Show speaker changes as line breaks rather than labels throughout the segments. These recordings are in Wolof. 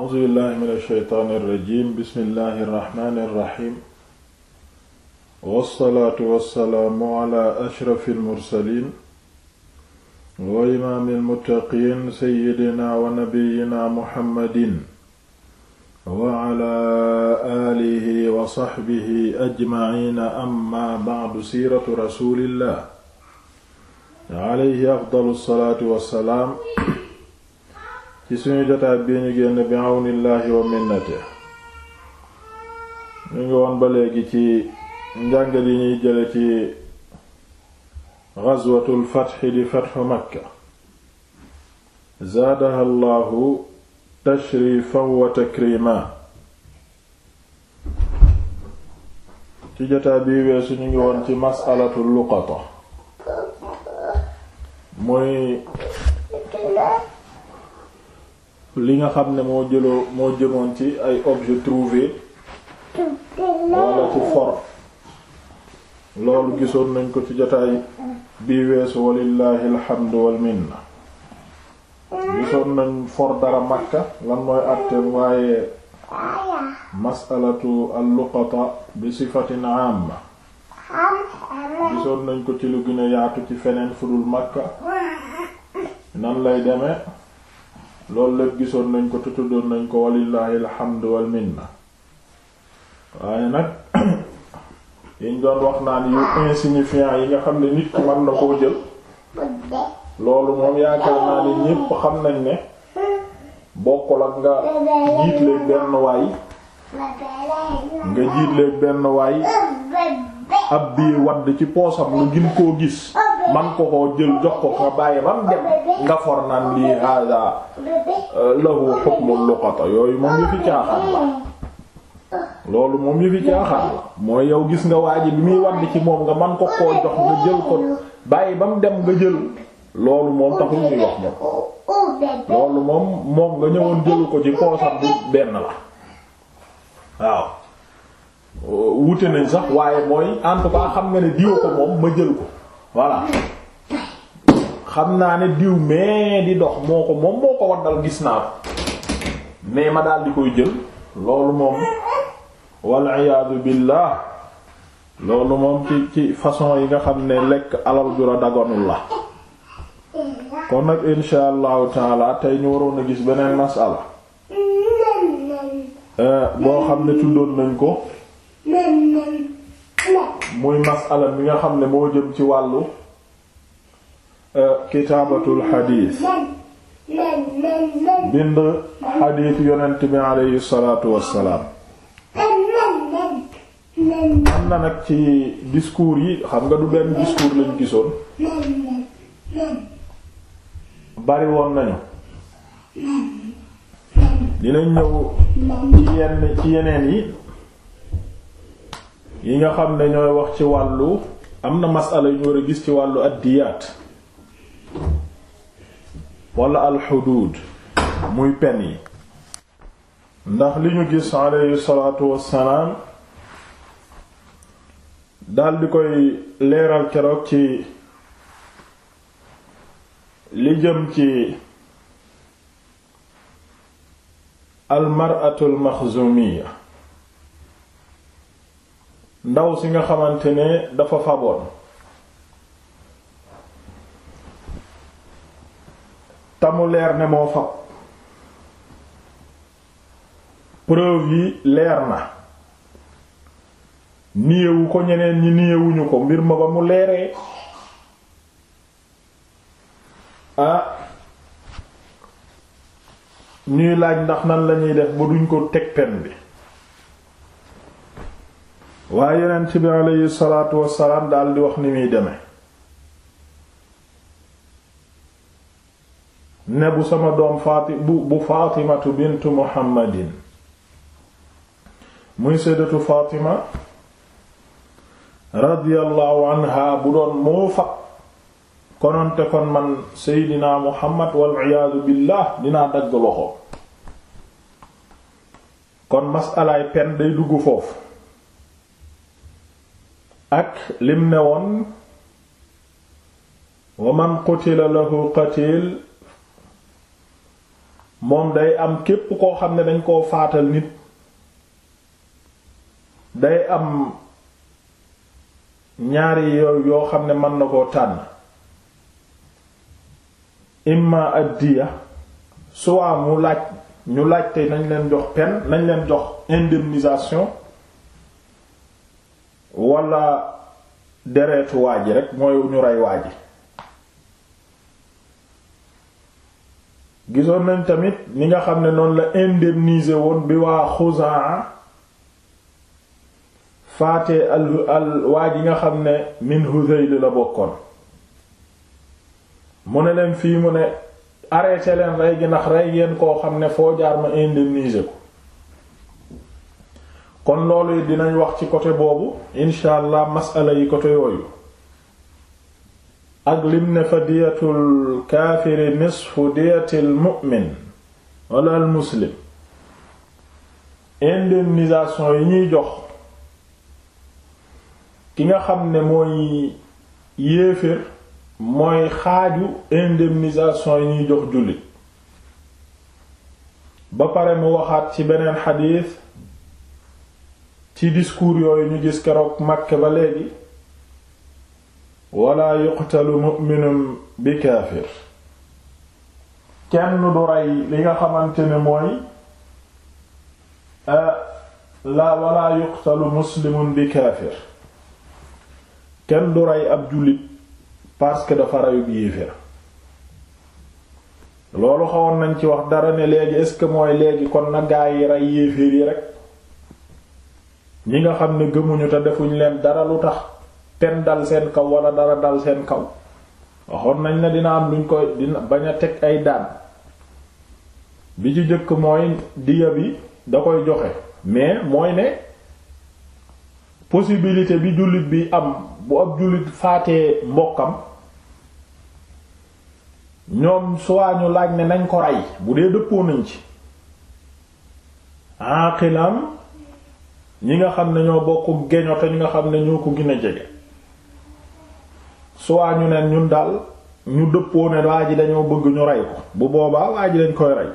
a'uuzu billahi mina shaytaani rajiim bismillahi rahmaani rahiim wassalaatu wassalaamu ala ashrafil mursaliin wa imaamil muttaqiin sayyidina wa nabiyyina muhammadin wa ala aalihi wa saxbihi ajmaciina amma bacdu siiratu rasuulillah alayhi afdalu salaatu wassalaam ci suñu jotaay bii ñu génn bi àwnillaahi wa minnate ñu ngi woon ba léegi ci njàngal yi ñuy jële ci ghazwatul fath di fathu makka zaadaha allahu tashrifan wa takrima ci jotaay bii weesu ñu ngi woon ci masalatul luqata muy li nga xam ne moo jëloo moo jëmoon ci ay objet trouvé wala loolu gisoon nañ ko ci jotaay bii weesu walillahi alhamdu wal minna gisoon nañ for dara Makka lan mooy àtteem waaye masalatu alluqata bi sifatin amma gisoon nañ ko ci lu gën yaatu ci feneen fudul Makka nan lay demee loolu lépp gisoon nañ ko tutuddoon nañ ko walillahi alhamdu wal minna waaye nag yiñ doon wax naan yu insignifiant yi nga xam ne nit ki na koo jël loolu moom yaakaar naa ne ñépp xam nañ ne bokkul ak nga jiitleeg benn waay nga jiitleeg benn waay ab bii wadd ci poosam lu gin koo gis man ko ko jël jox ko ko bàyyi ba mu dem nga for naan lii hada euh, lahu hukmu luqata yooyu moom yëfi caaxaan la loolu moom yëfi caaxaan la mooy yow gis nga waa ji bi muy wàdd ci moom nga man ko koo jox nga jël bàyyi ba dem nga jël loolu moom taxul ñuy wax moom loolu moom moom nga ñëwoon jëlu ko ci poosam bu benn la waaw wute nañ sax waaye mooy en tout cas xam nga ne diwa ko moom ma jël ko voilà xam naa ne diw mais di dox moo ko moom moo ko waddal gis naa ko mais ma daal di koy jël loolu moom wal iyaadu billah loolu moom ci ci façon yi nga xam ne lekk alal jura daganul la kon nag insha allahu taala tey ñu waroon a gis beneen masala eh, boo xam ne tuddoon nañ ko muy masala mi nga xam ne moo jëm ci wàllu euh, kitaabatul xadiis bind xadiis yonent bi aleyhi salaatu wassalaam am na nag ci discours yi xam nga du benn discours lañ gisoon bari woon nañu dinañ ñëw ci yenn ci yeneen yi yi nga xam ne ñooy wax ci wàllu am na masala yu ñu war gis ci wàllu addiyaat wala alxuduud muy pen yi ndax li ñu gis aleyhi salaatu wassalaam daldi koy leeral keroog ci li jëm ci almaratu almaxzumiya ndaw si nga xamante ne dafa faboon tamu leer ne moo fab preuve yi leer na niyewu ko ñeneen ñi niyewuñu ko mbir ma ba mu leeree ah ñuy laaj ndax nan lañuy def ba duñ ko teg pen bi waaye yonent bi aleyhi salaatu wassalaam dal di wax ni muy deme ne bu sama doom faati bu bu faatimatu bintu muhammadin muy seddatu faatima radiyallahu anha bu doon moo fa kononte kon man seydina muhammad wal iyaadu billah dinaa dagg loxo kon masalaay pen day dugg foofu ak lim ne woon wa man qutila lahu qatil moom day am képp koo xam ne dañ koo faatal nit day am ñaari yooyu yoo xam ne mën na koo tànn imma addiya suwaa mu laaj ñu laaj te nañ leen jox peine nañ leen jox indemnisation wala dereetu waa ji rek mooy ñu rey waa ji gisoon nañ tamit ni nga xam ne noonu la indemniser woon bi waa Xuzaa faate al al waa ji nga xam ne min Hudayl la bokkoon mu ne leen fii mu ne arrêté leen rey gi ndax rey yeen koo xam ne foo jaar ma indemniser ko kon loolu dinañ wax ci côté boobu incha allah masala yi côté yooyu ak lim ne fa diyatul kaafiri nisfu diyatil mu'min wala al muslim indemnisation yi ñuy jox ki nga xam ne mooy yéefér mooy xaaju indemnisation yi ñuy jox jullit ba pare mu waxaat ci beneen xadiis ci discours yooyu ñu gis keroog Makka ba léegi wala yuqtalu mu'minun bi kaafir kenn du rey li nga xamante ne mooy euh, la wala yuqtalu muslimun bi kaafir kenn du rey ab jullit parce que dafa reyub yéefér loolu xawoon nañ ci wax dara ne léegi est mooy léegi kon na yi rey yéefér yi rek ñi nga xam ne gëmuñu te defuñ leen dara lu tax pen dal seen kaw wala dara dal seen kaw waxoon nañ ne dina am luñ koy dina bañ a teg ay daan bi ci jëkk mooy diya bi da koy joxe mais mooy ne possibilité bi jullit bi am bu ab jullit faatee mbokkam ñoom soit laaj ne nañ ko rey bu dee dëppoo nañ ci aqilam ñi nga xam ne ñoo bokk geño te ñi nga xam ne ñoo ko gin a jege soit ñu neen ñun daal ñu dëppoo ne waa ji dañoo bëgg ñu rey ko bu boobaa waa ji dañ koy rey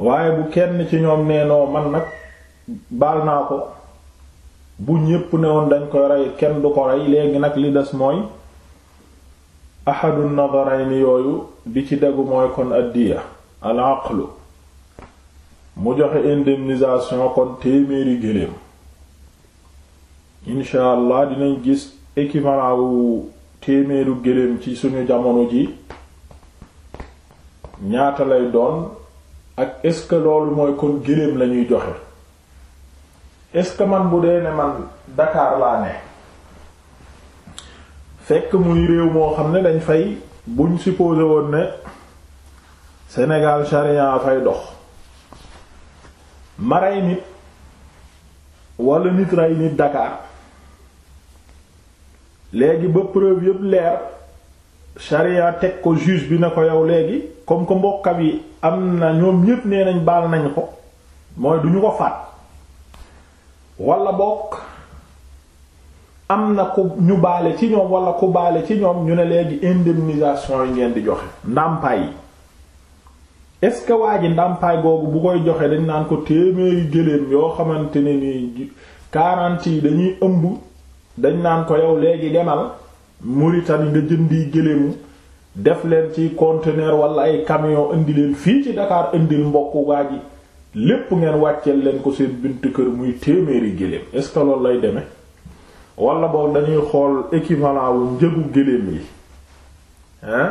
waaye bu kenn ci ñoom neenoo man nag baal naa ko bu ñépp ne woon dañ koy rey kenn du ko rey léegi nag li des mooy ahadu nadarayni yooyu bi ci degu mooy kon addiya al aqlu mu joxe indemnisation kon téeméeri géléem incha allah dinañ gis équivalent wu téeméeru géléem ci suñu jamono ji ñaata lay doon ak est-ce que loolu mooy kon géléem lañuy joxe est-ce que man bu dee ne man Dakar laa ne fekk muy réew moo xam ne dañ fay buñ supposé woon ne Sénégal charia fay dox ma rey nit wala nit rey nit Dakar léegi ba preuve yëpp leer charia teg ko juge bi na ko yow léegi comme que mbokkam yi am na ñoom ñépp nee nañ baal nañu ko mooy duñu ko faat wala bokk am na ku ñu baale ci ñoom wala ku baale ci ñoom ñu ne léegi indemnisation yi ngeen di joxe ndàmpaay yi est-ce que waa ji ndàmpaay googu joxe dañ naan ko téeméeri gëléem yoo xamante ne nii yi dañuy ëmb dañ naan ko yow léegi demal Mauritanie nga jëndi gëléemu def leen ci conteneur wala ay camion indi fii ci Dakar indil mbokk ngeen wàcceel leen ko seen buntu muy téeméeri gëléem lay deme wala boog dañuy xool équivalent wu njëgu gëléem yi hein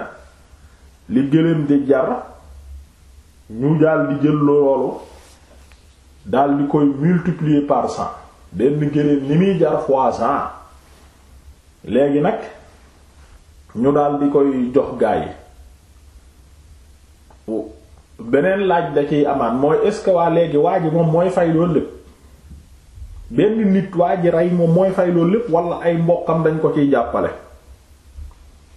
li gëléem di jar. ñu daal di jël loolu daal di koy multiplier par cent benn gëléem ni muy jar fois cent léegi nag ñu daal di koy jox gaa yi beneen laaj da ciy amaat mooy est ce waa léegi waa ji moom mooy fay loolu lépp benn nit waa ji rey moom mooy fay loolu lépp wala ay mbokkam dañ ko ciy jàppale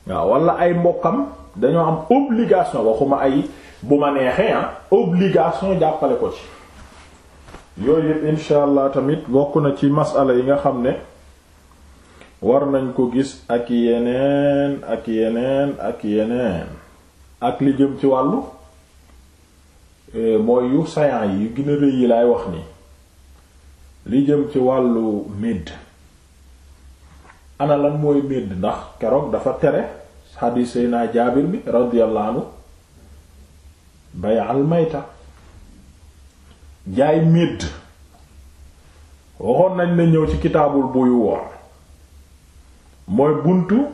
waaw wala ay mbokkam dañoo am obligation waxuma ay. bu ma neexee ah obligation jàppale ko ci yooyu yëpp allah tamit bokk na ci masala yi nga xam ne war nañ ko gis ak yeneen ak yeneen ak yeneen ak li jëm ci wàllu eh, mooy yu sayan yi yu rëy yi laay wax ni li jëm ci wàllu médd ana lan mooy médd ndax keroog dafa tere xadiis naa Jaabir bi radiyallahu anhu bay mayta jaay médd waxoon nañ la ñëw ci kitaabul buy woon mooy buntu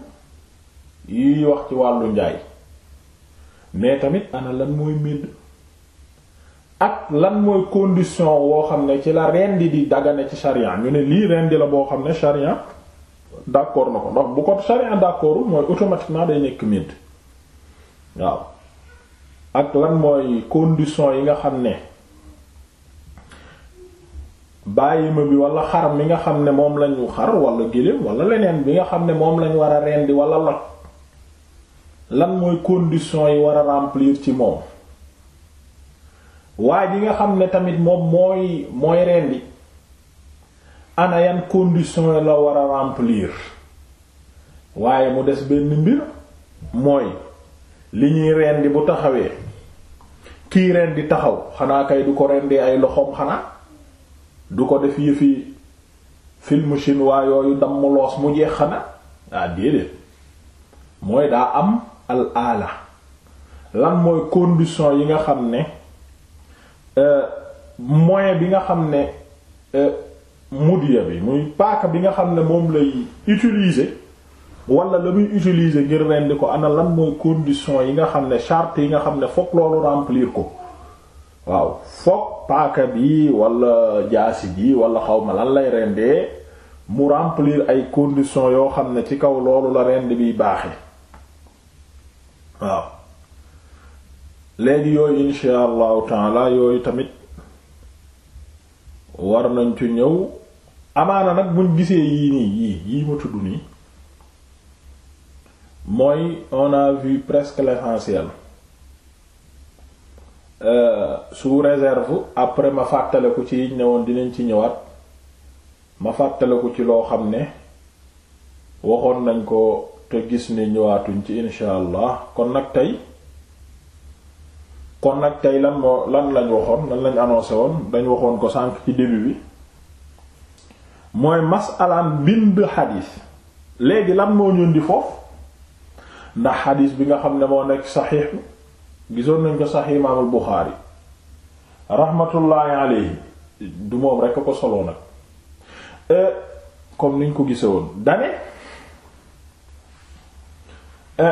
yi wax ci wàllu njaay mais tamit ana lan mooy médd ak lan mooy condition woo xam ne ci la rendi di dagane ci sharia ñu ne lii rendi la boo xam ne sharia d'accord na ko ndax bu ko sharia d'accord mooy automatiquement day nekk médd waaw ak lan mooy condition yi nga xam ne bàyyi ma bi wala xar mi nga xam ne moom lañu xar wala gëléem wala leneen bi nga xam ne moom lañu war a rendi wala lot lan mooy condition yi war a remplir ci moom waa ji nga xam ne tamit moom mooy mooy rendi ana yan condition yi la war a remplir waaye mu des benn mbir mooy li ñuy rendi bu taxawee kii rendi taxaw xanaa kay du ko rendee ay loxoom xanaa du ko def yëfi film chinois yooyu damm loos mu jeex xanaa ah déedéet mooy daa am al ala lan mooy condition yi nga xam ne euh, moye bi nga xam ne euh, mudiya bi muy paaka bi nga xam ne moom lay utiliser wala la muy utiliser ngir rendi ko ana lan mooy condition yi nga xam ne charte yi nga xam ne fokk loolu remplir ko waaw fokk paaka bi wala jaasi ji wala xawma lan lay rendee mu remplir ay condition yoo xam ne ci kaw loolu la rend bi baaxe waaw léegi yooyu insha allahu taala yooyu tamit war nañ ci ñëw amaana nag buñ gisee yii nii yii yii ma tudd nii mooy on a vu presque l'essentiel euh, sous réserve après ma fàttaliku ci yiñ ne woon dinañ ci ñëwaat ma fàttaliku ci loo xam ne waxoon nañ ko te gis ne ñëwaatuñ ci insha allah kon nag tey kon nag tey lan lan lañ waxoon lan lañ annoncé woon dañ waxoon ko sànq ci début bi mooy mas alaan bind xadiis léegi lan moo ñun di foofu ndax xadiis bi nga xam ne moo nekk saxiix gisoon nañ ko saxiix imaamul Buxaari raxmatullaahi alayhi du moom rekk ko soloo nag e, comme niñ ko gise woon dane e,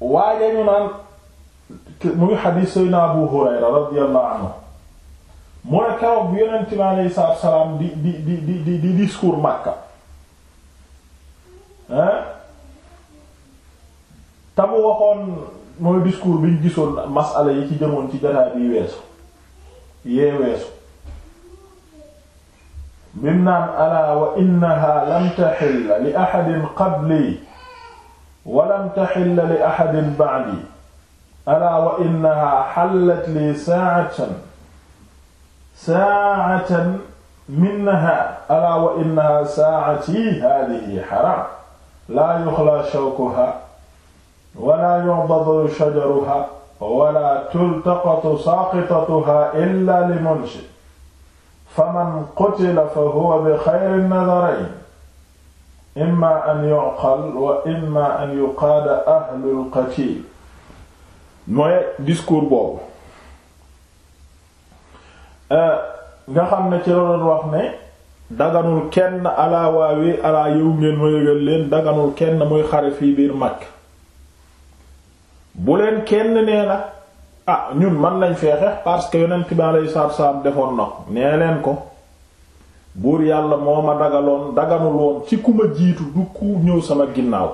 waaye ñu naan mu ngi xadiis sayna Abu Hurayra radiyallahu anhu mu ne keroog bi yonent bi aleyhi salaam di di di di di discours Makka te mu waxoon mooy discours bi ñu gisoon masala yi ci jëmoon ci jataay bi weesu yee weesu bim naan alaa wa innaha lam taxilla li axadin qabli wa lam taxilla li axadin ba'di alaa wa innaha xallat li saa'atan saa'atan min nahaar alaa wa innaha saa'ati haadihi xaraam laa yuxlaa shawkuha yu'dadu shajaruha wala tultaqatu saaqitatuha illa li munshid faman qutila fahuwa bi xayri nadarayn imma an yuqal wa imma an yuqaada ahlul qatil mooy discours boobu nga xam ne ci la doon wax ne daganul kenn alaa waawi alaa yow ngeen ma yëgal leen daganul kenn muy xare fii biir Makka bu leen kenn nee na ah ñun man nañ feexe parce que yonent bi alayhi salaatu salaam defoon na nee leen ko buur yàlla moo ma dagaloon daganul woon ci ku ma jiitu du ku ñëw sama ginnaaw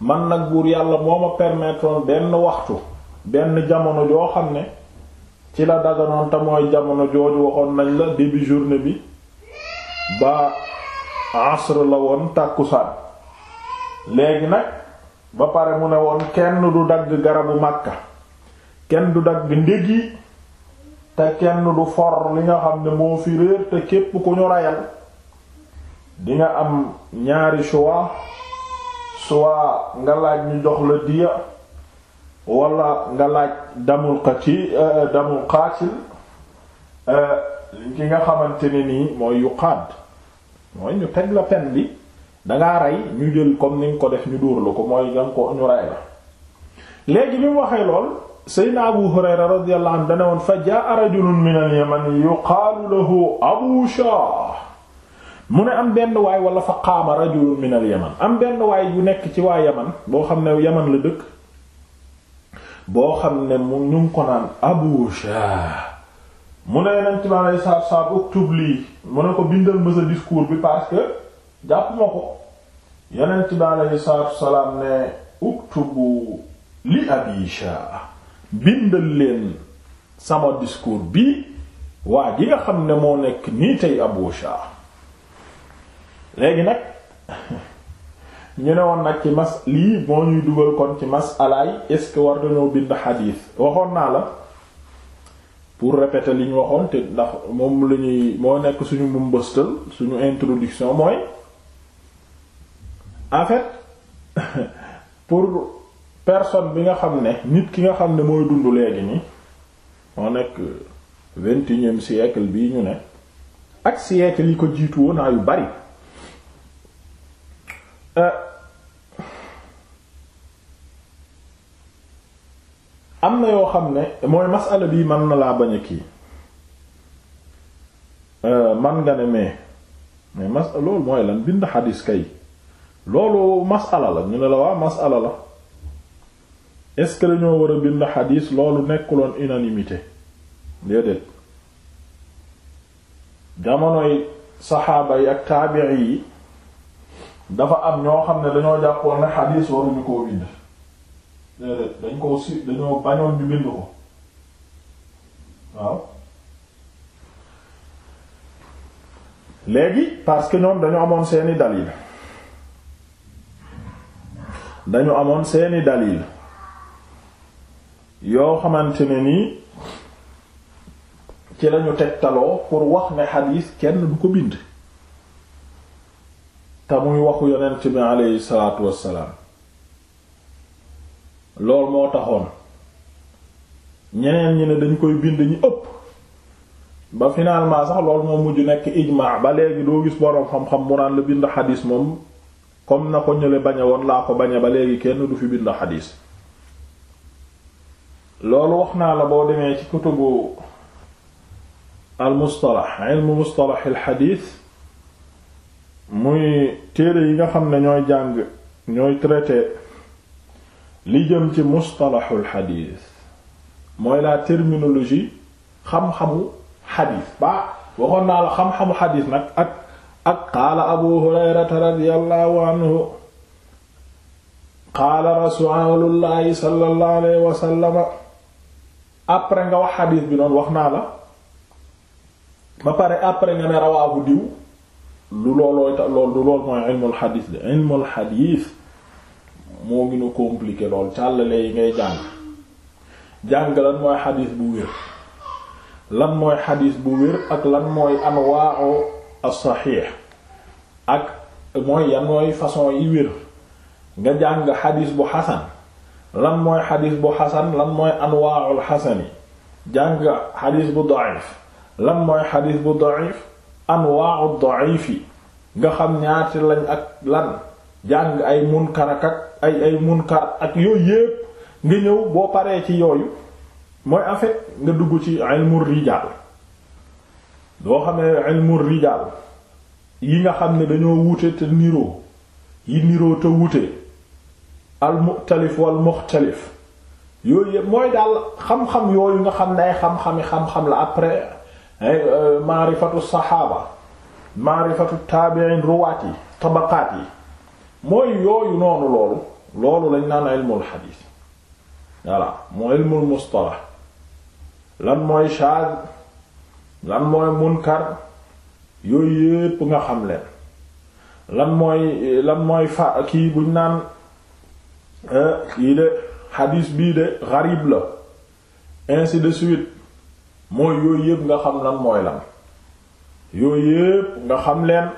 man nag buur yàlla moo ma permettre benn waxtu benn jamono joo xam ne ci la daganoon te mooy jamono jooju waxoon nañ la début journée bi ba asr la woon tàkkusaan léegi nag ba pare mu ne woon kenn du dagg garabu Makka kenn du dagg ndég yi te kenn du for li nga xam ne moo fi réer te képp ku ñu rayal di nga am ñaari choix soit nga laaj ñu jox la diya wala nga laaj damul qati euh, damul qatil euh, ki nga xamante ne nii mooy yuqaad mooy ñu teg la pen bi dangaa rey ñu jël comme ni nga ko def ñu dóor la ko mooy nga ko ñu rey la léegi bi mu waxee lool seydna abu hurayra radiyallahu anhu dana woon fa jaa rajulun min al-yaman yuqaalu lahu abu shah mu ne am benn waay walla fa qaama rajulun min yaman am benn waay bu nekk ci waa yaman boo xam ne yaman la dëkk boo xam ne mu ñu ngi ko naan abu shah mu ne yonent bi alayhi salaatu wa salaam uktub lii mu ne ko bindal ma sa bi parce que jàpp ma ko yonent bi aleyhi salaatu wasalaam ne uktubu li abi bindal leen sama discours bi waa ji nga xam ne moo nekk nii tey abu shaa léegi nag ñu ne woon nag ci mas lii moo ñuy dugal kon ci masalaay est-ce que war dañoo bind xadiis waxoon naa la pour répéter li ñu waxoon te ndax moom la moo nekk suñu mumbëstal suñu introduction mooy en pour personne bi nga xam ne nit ki nga xam ne mooy dund léegi nii moo nekk vingt et unième bii ñu ne ak siècle yi ko jiitu woon naa yu bari euh, am na yoo xam ne mooy masala bii man na laa bañ a kii euh, man nga ne mais mais mas loolu mooy lan bind xadis kay loolu masala la ñu ne la waa masala la est-ce que dañoo war a bind xadiis loolu nekkuloon unanimité déedéet jamonoy saxaaba yi ak taabii yi dafa am ñoo xam ne dañoo jàppoon ne xadiis waruñu koo bind déedéet dañ koo si dañoo bañoon ñu bind ko waaw léegi parce que ñoom dañu amoon seeni dalil dañu amoon seeni dalil yoo xamante ne nii ci lañu tegtaloo pour wax ne xadiis kenn du ko bind te muy waxu yonent bi aleyhi salaatu wassalaam lool moo taxoon ñeneen ñi ne dañ koy bind ñi ëpp ba finalement sax lool moo mujj nekk ijmaa ba léegi doo gis boroom xam-xam mu naan la bind xadiis moom comme na ko ñële bañe woon laa ko bañe ba léegi kenn du fi bind xadiis loolu wax naa la boo demee ci kutubu al mustalax ilmu muy téere yi nga xam ne ñooy jàng ñooy traité li jëm ci mustalaxul xadiis mooy la terminologie xam-xamu xadiis ba waxoon naa la xam-xamu xadiis nag ak ak qaala abu hurayrata radiyallahu anhu qaala rasulullahi sallallahu alayhi wa sallam après nga wax xadiis bi noonu wax naa la ba pare après nga ne rawaabu diw lu loolooy lool du lool mooy ilmul xadiis de ilmul xadiis moo gën a compliqué lool càllale yi ngay jàng jàng lan mooy xadiis bu wér lan mooy xadiis bu wér ak lan mooy anwaa'u as-saxiix ak mooy yan mooy façon yi wér nga jàng xadis bu xasan lan mooy xadis bu xasan lan mooy anwaa'ul xasani jàng xadis bu da'if lan mooy xadis bu da'if anwaa'u da'ifi nga xam ñaar ñaati lañ ak lan jàng ay munkar ak ay munkar ak yooyu yépp nga ñëw boo paree ci yooyu mooy en fait nga dugg ci ilmu rijaal loo xam ne ilmu rijaal yi nga xam ne dañoo wuute te niroo yi niroo te wuute al muxtalif wal muxtalif yooyu yëpp mooy daal xam-xam yooyu nga xam ne ay xam-xami xam-xam la après euh, maarifatu saxaaba maarifatu taabiin ruwaat yi tabaqaat yi mooy yooyu noonu loolu loolu lañ naan ilmul xadiis voilà mooy ilmul mustalah lan mooy shaad lan mooy munkar yooyu yépp nga xam leen lan mooy lan mooy fa kii buñ naan eh, kii de xadiis bii de xarib la ainsi de suite mooy yooyu yépp nga xam lan mooy lan yooyu yépp nga xam leen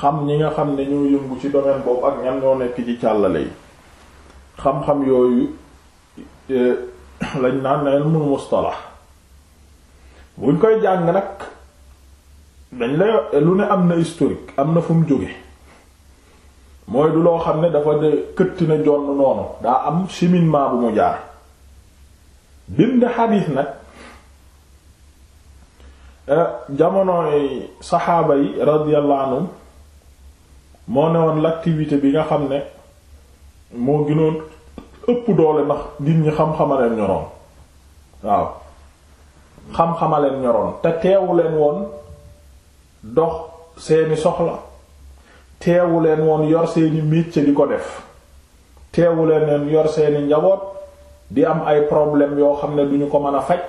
xam ñi nga xam ne ñoo yëngu ci domaine boobu ak ñan ñoo nekk ci càllale yi xam-xam yooyu eh, lañ naan na ilmul mustalah buñ koy jàng nag dañ la lu ne am na historique am na fu mu jóge mooy du loo xam ne dafa de këtt na jonn noonu daa am cheminement bu mu jaar bind xadiis nag eh, jamonoy saxaaba yi radiyallahu anhum moo ne woon l'activité bi nga xam ne moo ginoon ëpp doole ndax nit ñi xam-xamaleen ñoroon waaw xam-xama leen ñoroon te teewu leen woon dox seeni soxla teewu leen woon yor seeni métier di ko def teewu leen woon yor seeni njaboot di am ay problème yoo xam ne duñu ko mën a faj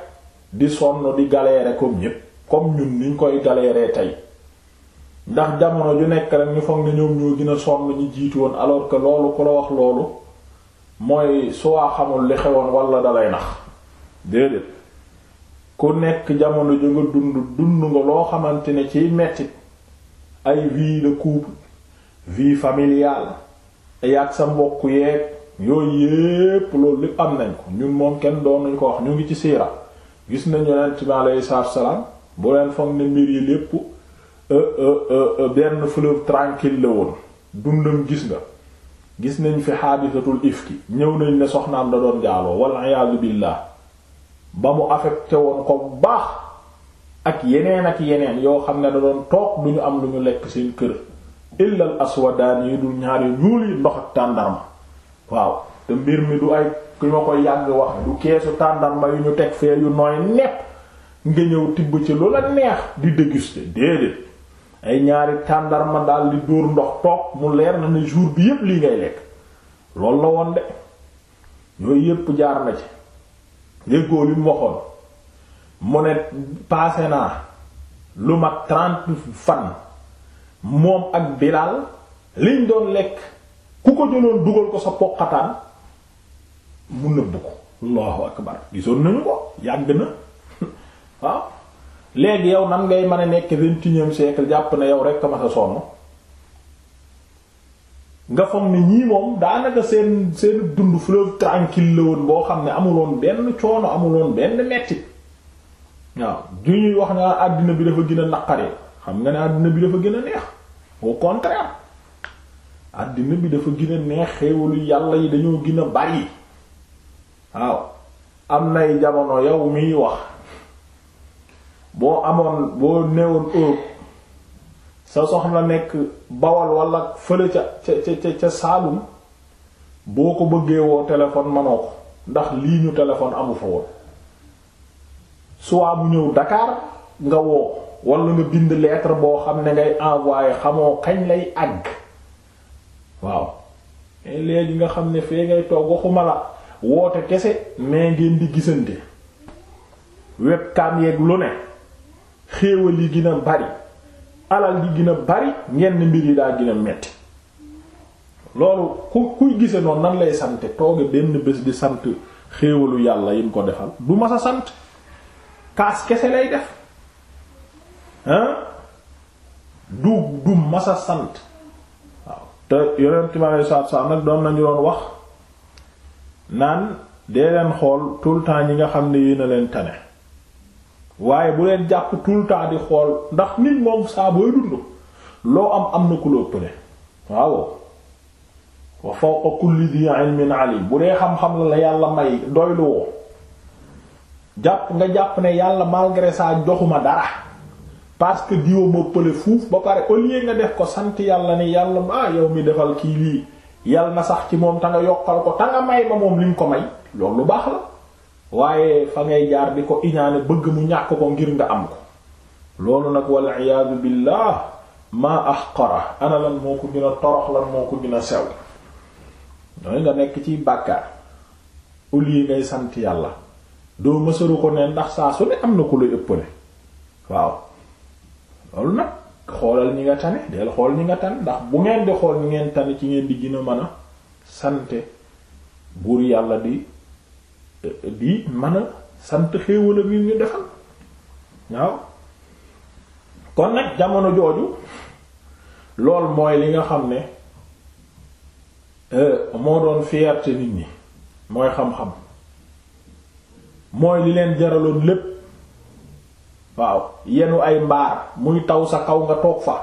di sonn di galérer comme ñépp comme ñun niñ koy galérer tey ndax jamono ju nekk rek ñu foog ne ñoom ñoo gën a sonn ñi jiitu woon alors que loolu ku la wax loolu mooy su waa xamul li xewoon walla dalay nax déedéet ku nekk jamono ju nga dund dund nga loo xamante ne ciy mettit ay vie de couple vie familiale yaag sa mbokk yeeg yooyu yépp loolu lépp am nañ ko ñun moom kenn doon nañ ko wax ñu ngi ci siira gis nañ yonent bi aleyhi salaatu salaam bu leen foog ne mbir yi lépp euh, euh, euh, benn fleuve tranquille la woon dundam gis nga gis nañ fi xaadisatul ifki ñëw nañ ne soxnaam da doon jaaloo wal iyaadu billah ba mu affecté woon ko bu baax ak yeneen ak yeneen yoo xam ne da doon toog du ñu am lu ñu lekk seen kër illal aswadaan yi dul ñaari ñuul yi ndox ak tàndarma waaw te mbir mi du ay ku ma koy yàgg wax du keesu tàndarma yu ñu teg fee yu nooy nepp nga ñëw tibb ci lu la neex di déguster déedéet ay ñaari tàndarma daal di dóor ndox toog mu leer na ne jour bi yépp lii ngay lekk loolu la woon de yooyu yépp jaar na ci déggoo yu mu waxoon mu ne paase naa lu mat trente fan moom ak Bilaal liñ doon lekk ku ko jëloon dugal ko sa poqataan mu nëbb ko allahu akbar gisoon nañu ko yàgg na waaw léegi yow nan ngay mën a nekk vingt-et-unième jàpp na yow rekk ma sa sonn nga foog ni ñii moom daanaka seen seen dund fleuve tranquille la woon boo xam ne amuloon benn coono amuloon benn mettit waaw du ñuy wax naa àddina bi dafa gën a naqaree xam nga ne àddina bi dafa gën a neex au contraire àddina bi dafa gën a neex xéewalu yàlla yi dañoo gin a bari waaw am nay jamono yow miy wax boo amoon boo neewoon Europe sa soxna nekk bawal wala fële ca ca ca saalum boo ko bëggee woo téléphone manoo ko ndax lii ñu téléphone amu fa woon soit bu ñëw Dakar nga woo wala nga bind lettre boo xam ne ngay envoyer xamoo kañ lay àgg waaw léegi nga xam ne fee ngay toog waxuma la woote kese mais ngeen di gisante webcam yeeg lu ne xéewal yi gën bari alal gi gina a bari ngeen mbir yi daa gën metti loolu ku kuy gise noonu nan lay sante tooge benn bés di sant xéewalu yàlla yim ko defal du mas a sant kaas kese lay def hein du du masa sant waaw te yonent ma lay saat saat nag doon nañu doon wax naan dee leen xool tout le temps ñi nga xam ne yéen a leen tane waaye bu leen jàpp tout le temps di xool ndax nit moom saa booy dund loo am am na ku la ëppale waaw wa fawqa kulli dhi ilmin alim bu dee xam-xam la la yàlla may doylu woo jàpp nga jàpp ne yàlla malgré saa joxuma dara parce que diwa ma pële fuuf ba pare au lieu nga def ko sant yàlla ni yàlla ma yow mi defal kii lii yàlla na sax ci moom ta nga yokkal ko ta nga may ma moom li nga ko may loolu baax la waaye fa ngay jaar di ko iñaane bëgg mu ñàkk ko ngir nga am ko loolu nag wal iyaadu billah maa ahqara ana lan moo ko gën torox lan moo ko gën a sew ñooy nga nekk ci bàkkaar au lieu ngay sant yàlla doo mësaru ko ne ndax saa su ne am na ku lay ëppale waaw loolu nag xoolal ñi nga tane del xool ñi nga tane ndax bu ngeen di xool ñi ngeen tane ci ngeen di gën a mën a sante buur yàlla di di mën a sant xéewalam yi ñu defal waaw kon nag jamono jooju lool mooy li nga xam ne euh, moo doon fierté nit ñi mooy xam-xam mooy li leen jaraloon lépp waaw yenu ay mbaar muy taw sa kaw nga toog fa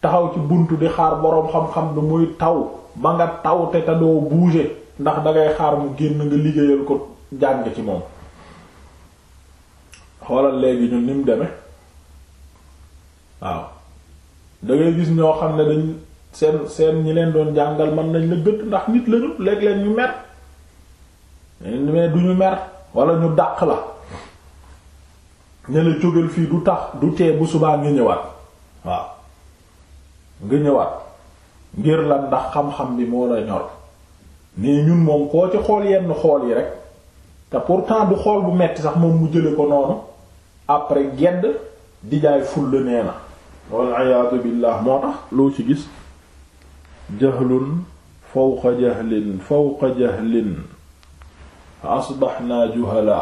taxaw ci bunt di xaar boroom xam-xam bi muy taw ba nga taw te te doo ndax dangay xaar mu génn nga liggéeyal ko jàng ci moom xoolal léegi ñun ni mu demee waaw da gis ñoo xam ne dañ seen seen ñi leen doon jàngal man nañ la gëdd ndax nit lañu léeg-léeg ñu mer mais ñu mer wala ñu dàq la ne la jógal fii du tax du tee bu subaa nga ñëwaat waaw nga ñëwaat ngir lan ndax xam-xam bi moo la ñor nii ñun moom koo ci xool yenn xool yi rek. te pourtant du xool bu metti sax moom mu jële ko noonu après gedd di jaay full nee na wal iyaadu billah moo tax loo ci gis jahlun fawqa jahlin fawqa jahlin fa asbaxnaa juhala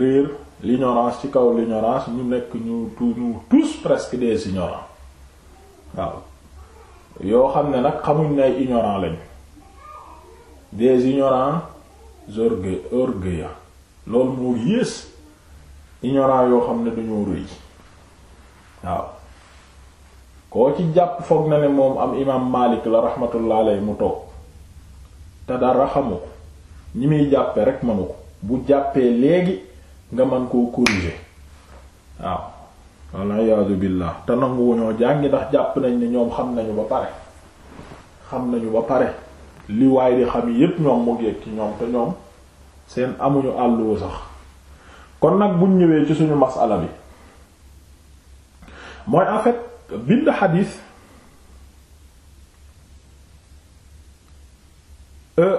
réer l'ignorance ci kaw l'ignorance ñu nekk ñu tu ñu tous presque des ignorants waaw yoo xam ne nag xamuñ ne ay ignorants des ignorants orgueil orgueil ya loolu moo yées ignorant yoo xam ne dañoo rëy waaw koo ci jàpp foog na ne moom am imaam Maalik la rahmatullah alayhi mu toog te dara xamu ko ñi muy jàppe rek manu ko bu jàppee léegi nga man koo corriger waaw waliyasu billah te nanguwu ñoo jàngi ndax jàpp nañ ni ñoom xam nañu ba pare xam nañu ba pare li waay di xam yépp ñoom mu geeg ci ñoom te ñoom seen amuñu àlluwu sax kon nag buñ ñëwee ci suñu masala bi mooy en fait bind xadiis euh,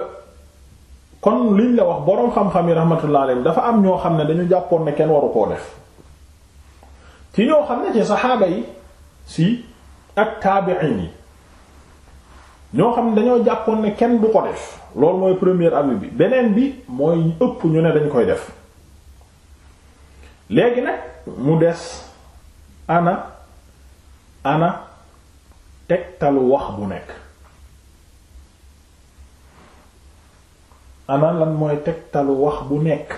kon liñ la wax boroom xam-xam yi rahmatullah alayhi dafa am ñoo xam ne dañu jàppoon ne kenn waru koo def ci ñoo xam ne saxaaba yi si ak taabi'in yi ñoo xam ne dañoo jàppoon ne kenn du ko def loolu mooy premier avis bi beneen bi mooy ëpp ñu ne dañ koy def léegi nag mu des ana ana tegtalu wax bu nekk ana lan mooy tegtalu wax bu nekk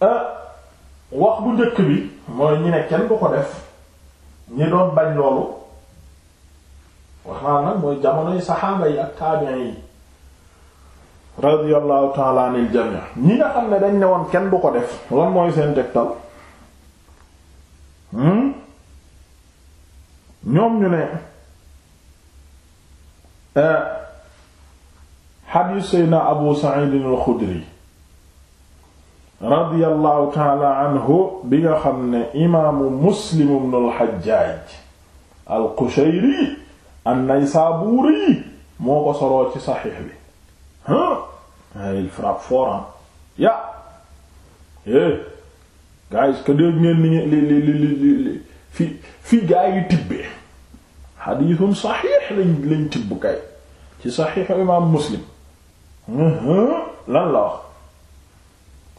euh, wax bu njëkk bi mooy ñi ne kenn du ko def ñi doon bañ loolu wax naa nag mooy jamonoy saxaaba yi ak taabiin yi radiyallahu ta'ala anil jami' ñi nga xam ne dañ ne woon kenn du ko def lan mooy seen tegtal hmm? ñoom ñu ne xadiis eh, seydna abu sa'id al-xudri radiyallahu ta'ala anhu bi nga xam ne imaamu muslim ibn al-hajjaj al-qushayri an-Naysaburi moo ko soloo ci saxiix bi ah il frappe fort ya eh gars yi que dégg ngeen ni li li li li fi fi gars yi tibbee xadiisum saxiix lañ lañ tibb kay ci saxiix imaam Muslim lan la wax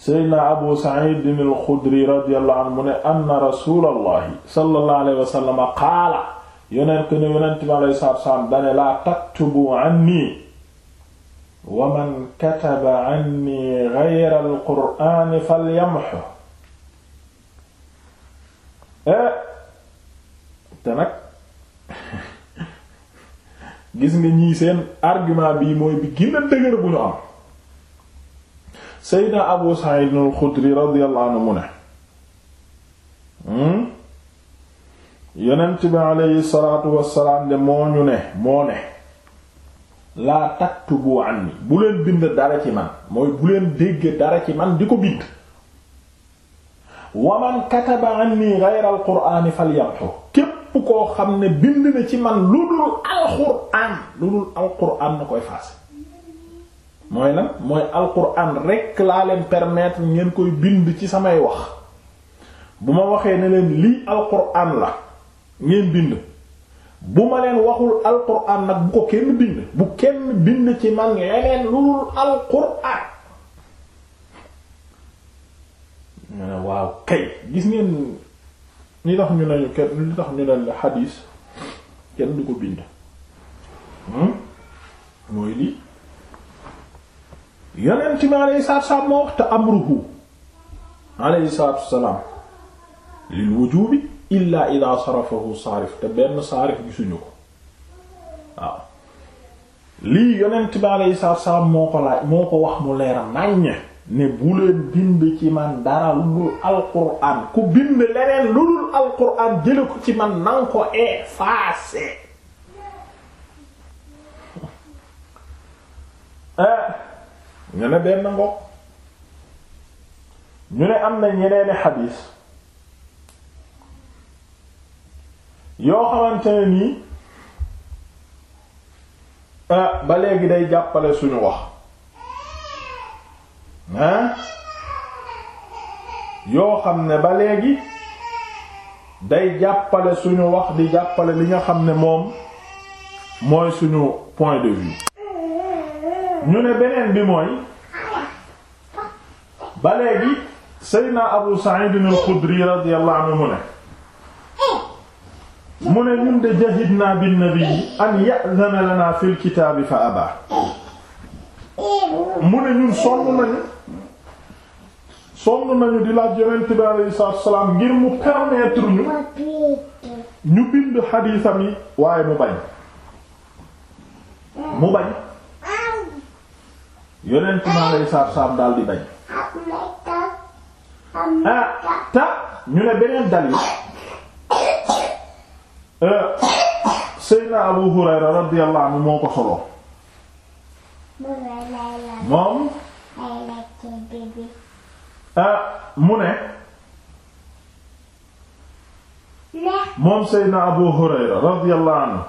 Seydina Abu Sa'id al-Khudri radiyallahu anhu mu ne anna rasulallahi sallallahu alayhi wa sallam qaala yonent ko ne yonent ma lay saab saab dane laa taktubu anni wa man kataba anni ghayra al-qur'aan falyamhu eh, te nag gis nga ñii seen argument bii mooy bi gën a dëgër bu ñu am Seydina Abu Sa'id al-Khudri radiyallahu anhu mu ne hmm? yonent ci aleyhi salaatu wassalaam de moo ñu ne moo ne laa taktubu anni bu leen bind dara ci man mooy bu leen dégg dara ci man di ko bind wa man kataba anni ghayra alqur'ani falyamhu képp koo xam ne bind na ci man lu dul alqur'an lu dul alqur'an na koy faase mooy lan mooy alqur'an rekk laa leen permettre ngeen koy bind ci samay wax bu ma waxee ne leen lii alqur'an la ngeen bind bu ma leen waxul alquran nag bu ko kenn bind bu kenn bind ci man yeneen lulul alquran ñu ne waaw kay gis ngeen li tax ñu neñu kenn li tax ñu ne la xadiis kenn du ko bind hmm? mooy lii yonent mi alayhi salaatu salaam moo wax te amruhu alayhi salaatu salaam lil wujubi illa ida sarafahu saarif te benn saarif gisuñu ko waaw lii yonent bi alayhi salaatu moo ko laaj moo ko wax mu leera nàññe ne bu leen bind ci man dara lu dul alquran ku bind leneen lu dul alquran jële ko ci man nanga ko effacer eh, ñu ne benn ngoog ñu ne am na ñeneeni xadiis yoo xamante ne nii ah, ba léegi day jàppale suñu wax ah yoo xam ne ba léegi day jàppale suñu wax di jàppale li nga xam ne moom mooy suñu point de vue ñu ne beneen bi mooy ba léegi Seydina Abu Sa'id al-Khudri radiyallahu anhu mu ne mu ne ñun de jahidna bin nabi an ya'zana lana fil kitaabi fa aba mu ne ñun sonn nañu sonn nañu di laaj yonent bi alayhi salaatu wassalaam ngir mu permettre ñu ñu bind xadiisam yi waaye mu bañ mu bañ yonent bi alayhi salaatu wassalaam daal di bañ ah ta ñu ne beneen dalil Eh, Seydina Abu Hurayra radiyallahu anhu moo ko solo moom eh, mu ne moom Seydina Abu Hurayra radiyallahu anhu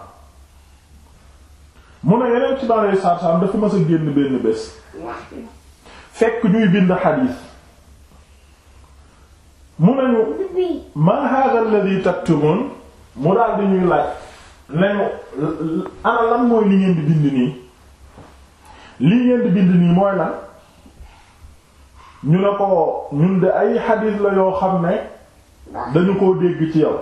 mu ne yeneen ci bari saab-saab dafa mës a génn benn bés fekk ñuy bind xadiis mu ne ñu ma hada alladhi taktumun mu daal di ñuy laaj nañu ana lan mooy li di bind nii li di bind nii mooy lan ñu ne ko ñun de ay xadiis la yoo xam ne dañu koo dégg ci yow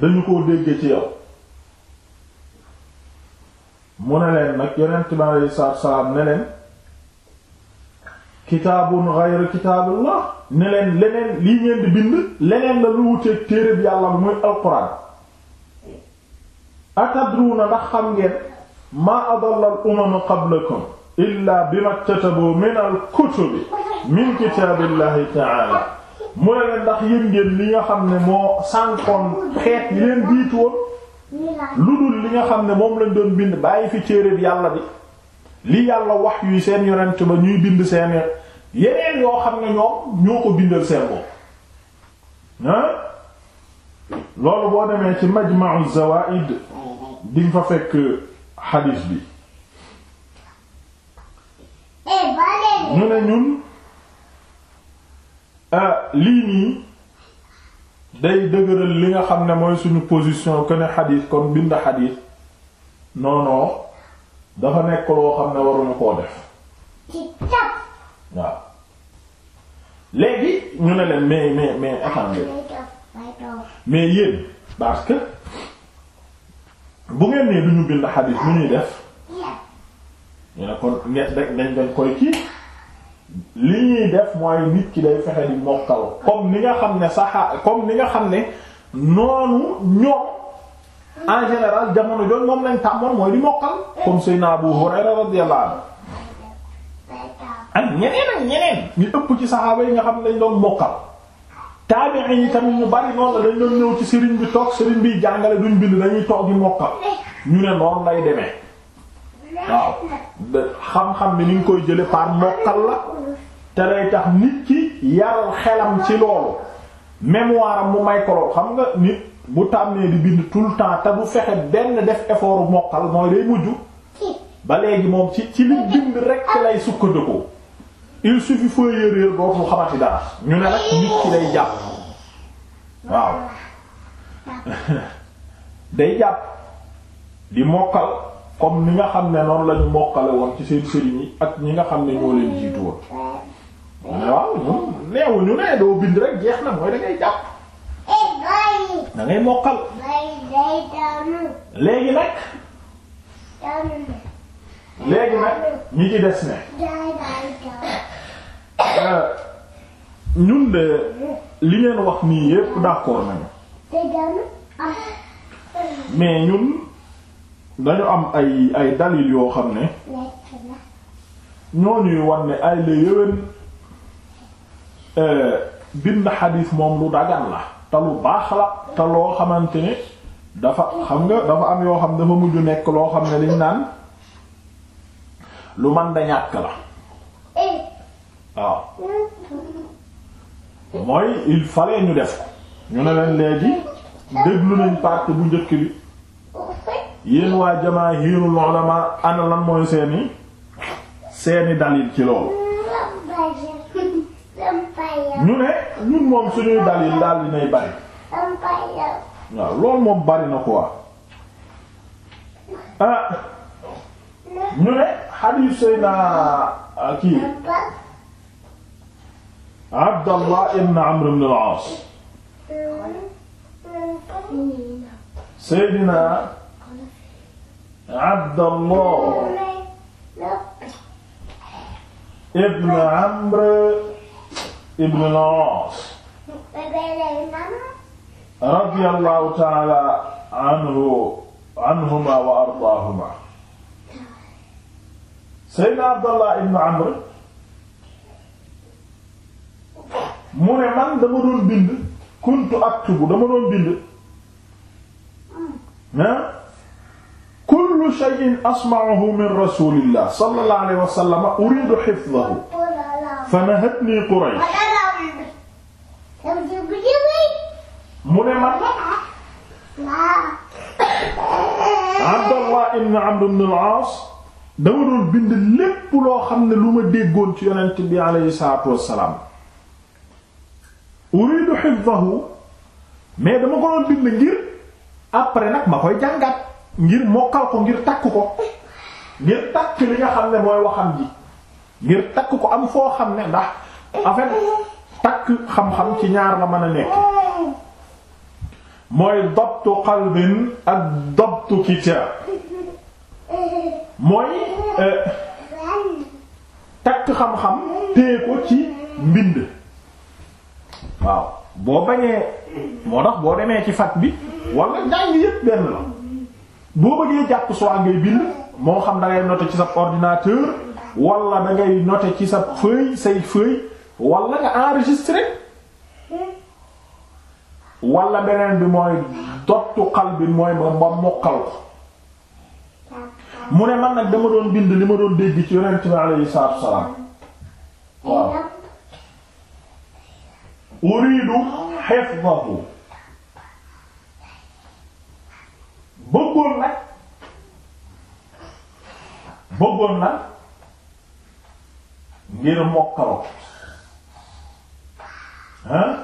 dañu koo dégg ci yow mu ne leen nag yonent bi aleyhi salaatu wa salaam ne leen kitaabun ghayru kitaabullah ne leen leneen lii ngeen di bind leneen la lu wuteeg téere bi yàlla bi muy alquran atadruuna ndax xam ngeen maa adalla al umam qablakum illaa bima katabu min al min kitaabillahi ta'ala mu leen ndax yën ngeen li nga xam ne moo sànkoon xeet yi leen diitu lu dul li nga xam ne moom lañ doon bind bàyyi fi téere bi yàlla bi li yàlla wax yuy seen yonent ba ñuy bind seen yeneen yoo xam ne ñoom ñoo ko bindal seen bopp loolu boo demee ci majma'u zawaid diñ fa fekk xadiis bi ñu ne ñun euh, lii nii day dëgëral li nga xam ne mooy suñu position que ne xadiis kon bind xadiis non non dafa nekk loo xam ne waruñu koo def waaw léegi ñu ne leen mais mais mais attendez mais yéen parce que bu ngeen nee du ñu bind xadiis mu ñuy def ñu ne kon ngeen dañ dañ koy kii li ñuy def mooy nit ki day fexe di mokkal comme ni nga xam ne saxaa comme ni nga xam ne noonu ñoom en général jamono jooju moom lañ tàmmoon mooy di mokkal comme Seydina Abu Hurayra radiyallahu anhu ak ñeneen ak ñeneen ñu ëpp ci saxaaba yi nga xam ne dañ doon mokkal taabi'i yi tamit ñu bari noonu la dañ doon ñëw ci sëriñ bi toog sëriñ bi jàngale duñ bind dañuy toog di mokkal ñu ne noonu lay demee waaw xam-xam ni ni nga koy jële par mokkal la te lay tax nit ki yaral xelam ci loolu mémoire am mu may xam nga nit bu tàmmee di bind tout le temps te bu fexe benn def effort mokkal mooy day mujj ba léegi moom ci ci li bind rekk lay sukkandiku il suffit foo yéeréer boobu xamati dara ñu ne nag nit ki day jàpp waaw day jàpp di mokkal comme ni nga xam ne noonu lañu mokkale woon ci seen sëriñ yi ak ñi nga xam ne ñoo leen jiitu woon waaw ñun neewu ñu ne doo bind rek jeex na mooy da ngay jàpp da ngay mokkal léegi nag léegi nag ñi ci des ne euh, ñun de li ngeen wax nii yépp d'accord nañu mais ñun dañu am ay ay dalil yoo xam ne ñoo ñuy wan ne ay la yëwén euh, bind xadiis moom lu dagan la te lu baax la te loo xamante ne dafa xam nga dafa am yoo xam dafa mujj nekk loo xam ne liñ naan lu man da ñàkk la waaw eh. ah. mooy il ñu def ko ñu ne leen léegi déglu nañ partie bu njëkk bi yéen waa jamaahirul ulama ana lan mooy seeni seeni dalil ci loolu ñu ne ñun moom suñuy dalil daal di nay bari waaw loolu moom bari na quoi ah ñu ne xadiis Seydina ah, kii Abdallah ibn Amr ibn al-Aas Seydina Abdallah ibn Amr ibn al-Aas radiyallahu ta'ala anhu anhuma wa ardaahuma Seydina Abdallah ibn Amr mu ne man dama doon bind kuntu aktubu dama doon bind ah kullu shay'in asma'uhu min rasulillah sallallahu alayhi wa sallam uridu hifdhahu fanahatni Quraysh mu ne man Abdallah ibn Amr ibn al-As dama doon bind lépp loo xam ne lu ma déggoon ci yonent bi aleyhi salaatu wassalaam uridu hifzahu mais dama ko doon bind ngir après nag ma koy jàngat ngir mokkal ko ngir takk ko ngir takk li nga xam ne mooy waxam ji ngir takk ko am foo xam ne ndax en fait takk xam-xam ci ñaar la mën a nekk mooy dabtu qalbin ak dabtu kitaab mooy euh, takk xam-xam téye ko ci mbind waaw boo bañee moo tax boo demee ci fat bi wala njàng yépp benn la boo bëggee jàpp soit ngay bind moo xam da ngay ci sa ordinateur wala da ngay noter ci sa feuille say feuille wala nga enregistrer wala beneen bi mooy dottu xal bi mooy ba mokkal ko mu ne man nag dama doon bind li ma doon dégg ci yonent bi alayhi salaatu salaam waaw uriidu hifdahu bëggoon nag bëggoon nag ngir mokkalo hein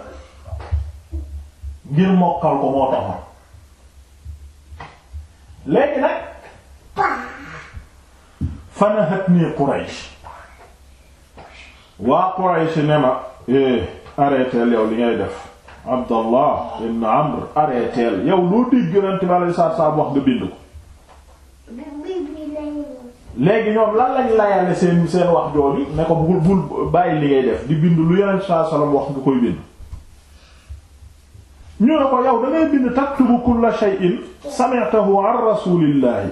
ko moo taxoon léegi nag fanahat nii Quraysh waa Quraysh ne ma eh, arrêteel yow li ngay def Abdallah ibn Amr arrêteel yow loo dégg Yonent bi alayhi salaatu salaam wax nga bind ko léegi ñoom lan lañ layale seen seen wax jooju ne ko bul bul bàyyi li ngay def di bind lu Yonent bi salaatu salaam wax nga koy bind ñu ne ko yow da ngay bind taktubu kulla shay'in sami'tahu an rasulillahi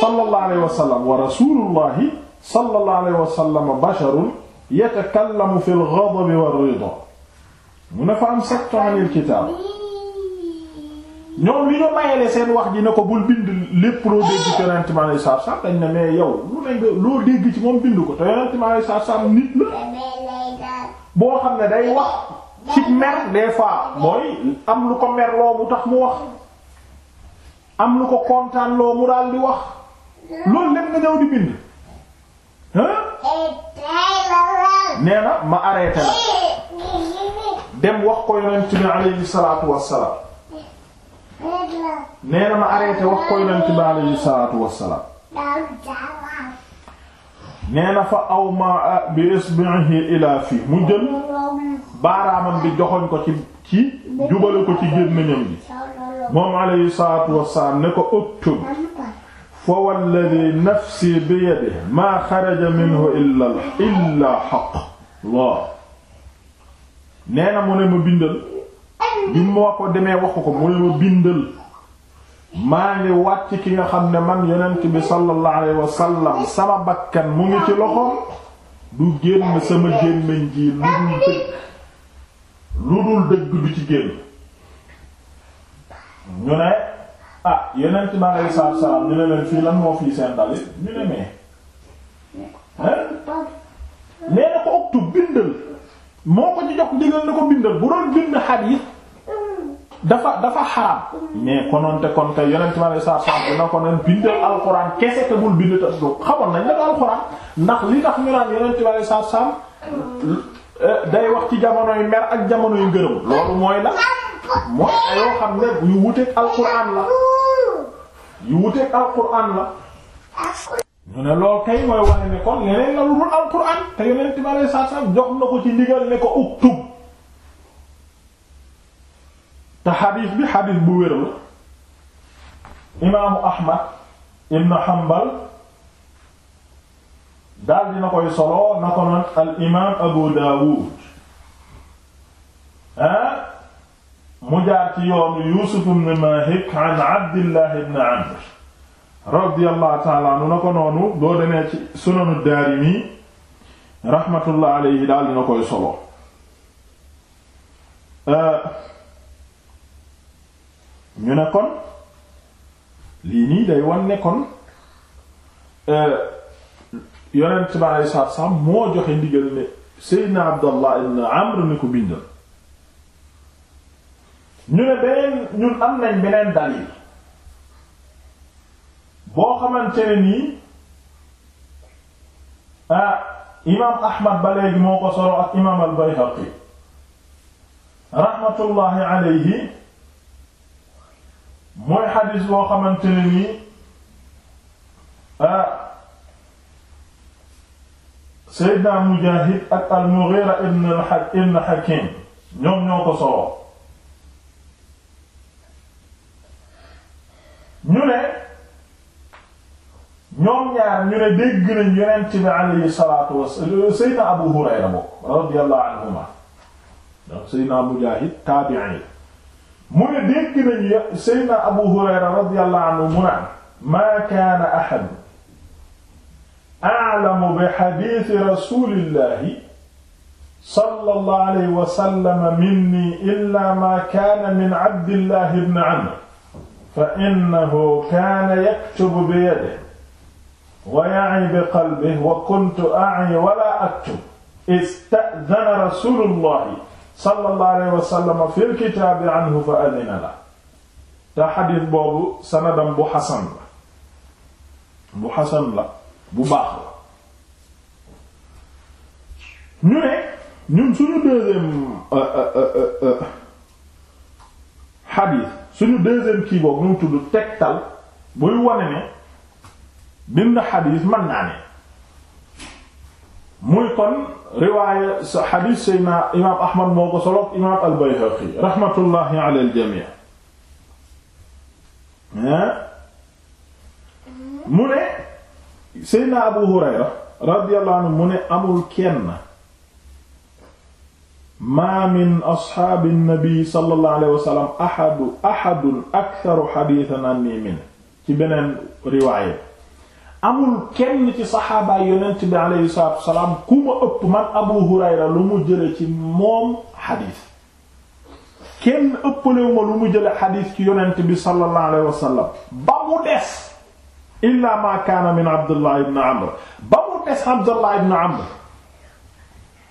sallallahu alayhi wa sallam wa rasulullahi sallallahu alayhi wa sallam basharun yatakallamu fil ghadabi war rida mu ne fa amsaktu anil kitaab ñoom li ñu mayele seen wax ji ne ko bul bind lépp loo dégg ci yonent mi alayhi salaatu salaam dañ ne mais yow lu ne nga loo dégg ci moom bind ko te yonent mi alayhi salaatu salaam nit la boo xam ne day wax. ci mer des fois mooy am lu ko mer loo mu tax mu wax am lu ko kontaan loo mu daal di wax loolu lépp nga ñëw di bind hein nee na ma arrêté la dem wax ko yonent bi alayhi salaatu wassalaam nee na ma arrêté wax ko yonent bi alayhi salaatu wassalaam nee na fa awma ah, bi isbihi ila fi mu jël baaraamam bi joxoñ ko ci ci jubale ko ci gémmiñam bi moom alayhi salaatu wassalaam ne ko uktub fa walladi nafsi bi yadihi maa xaraja minhu illa illa xaq waaw nee na mu ne ma bindal bi moo ko demee waxu ko mu ne ma bindal maa ngi wàcc ki nga xam ne man yonent bi sallallahu alayhi wa sallam sama bakkan mu ngi ci loxo du génn sama gémmiñ ji lu dul dëgg lu dul dëgg du ci génn ñu ne ah yonent bi alayhi salaatu salaam ñu leen fii lan moo fii seen dali ñu ne mee nee na ko oktub bindal moo ko ci jox digal na ko bindal bu doon bind xadiis dafa dafa xaraam mais kononte kon kay yonent ma lay saa saa dina ko neen bindal alxuraan kese te bul bind tas do xamoon nañ la alxuraan ndax li tax ñu naan yonent ma lay saa day wax ci jamonoy mer ak jamonoy ngërëm loolu mooy la mooy yoo xam ne yu wuteeg alxuraan la yu wuteeg alxuraan la. ñu ne loolu kay mooy wane ne kon leneen la lu dul alxuraan te yonent ma lay saa saa jox na ko ci ndigal ne ko uktub te xadis bi xadis bu wér la imaamu ahmad ibn hanbal daal dina koy solo na ko noon al imaam abu daawud ah mu jaar ci yoonu yusuf ibn mahik an abdillah ibn amr radiyallahu ta'ala anhu na ko noonu doo demee ci sunanu daarimi rahmatullah alayhi daal dina koy solo ah, ñu ne kon lii nii day wan ne kon euh, yonent bi alei satu joxe ndigal ne Seydina Abdallah ibn Amr ni ko bindal ñu ne beneen ñun am nañ beneen dalil boo xamante nii ah Ahmad ba moo ko solo ak al-Bayhaqi rahmatullahi alayhi mooy xadis boo xamante ne nii ah Seydina Mujaahid ak al-Mughira ibn ibn Hakim ñoom ñoo ko solo ñu ne ñoom ñaar ñu ne dégg nañ yonent bi alayhi salaatu wasalaam euh, Seydina Abu Hurayra bokk radiyallahu anhuma donc Seydina Mujaahid taabi'i mu ne dégg nañu Seydina Abu Hurayra radiyallahu anhu mu naan maa kaana ahad a'lamu bi hadiisi rasuulillahi sallallahu alayhi wa sallam minni illaa maa kaana min Abdillahi ibn Amr fa innahu kaana yaktubu bi yadihi wa ya'i bi qalbihi wa kuntu a'i wa laa aktub ista'dhana rasuulullahi sallallahu alayhi wa sallam fil anhu fa adina la te xadis boobu sanadam bu xasan la bu xasan la bu baax la ñu ne ñun suñu deuxième euh, euh, euh, xadis suñu deuxième kii boobu ñu tudd tegtal buy wane ne bind xadis mën naa ne muy kon riwaaya sa xadiis sayna imaam Ahmad moo ko solo imaam al-Bayhaqi raxmatullaahi ala al-jamii mu ne sayna Abu Hurayra radiyallaahu anhu mu ne amul kenn maa min asxaabi nabi sallallaahu alayhi wa sallam ahadu ahadun aktaru xadiisan anni min ci beneen riwaaya amul kenn ci saxaabaay yonent bi aleyhi salaatu wasalaam ku ma ëpp man Abu Hurayra lu mu jële ci moom xadiis kenn ëppalewu ma lu mu jële xadiis ci yonent bi sallallahu alayhi wasallam ba mu des illa ma kaana min Abdullah ibn Amr ba mu des Abdullah ibn Amr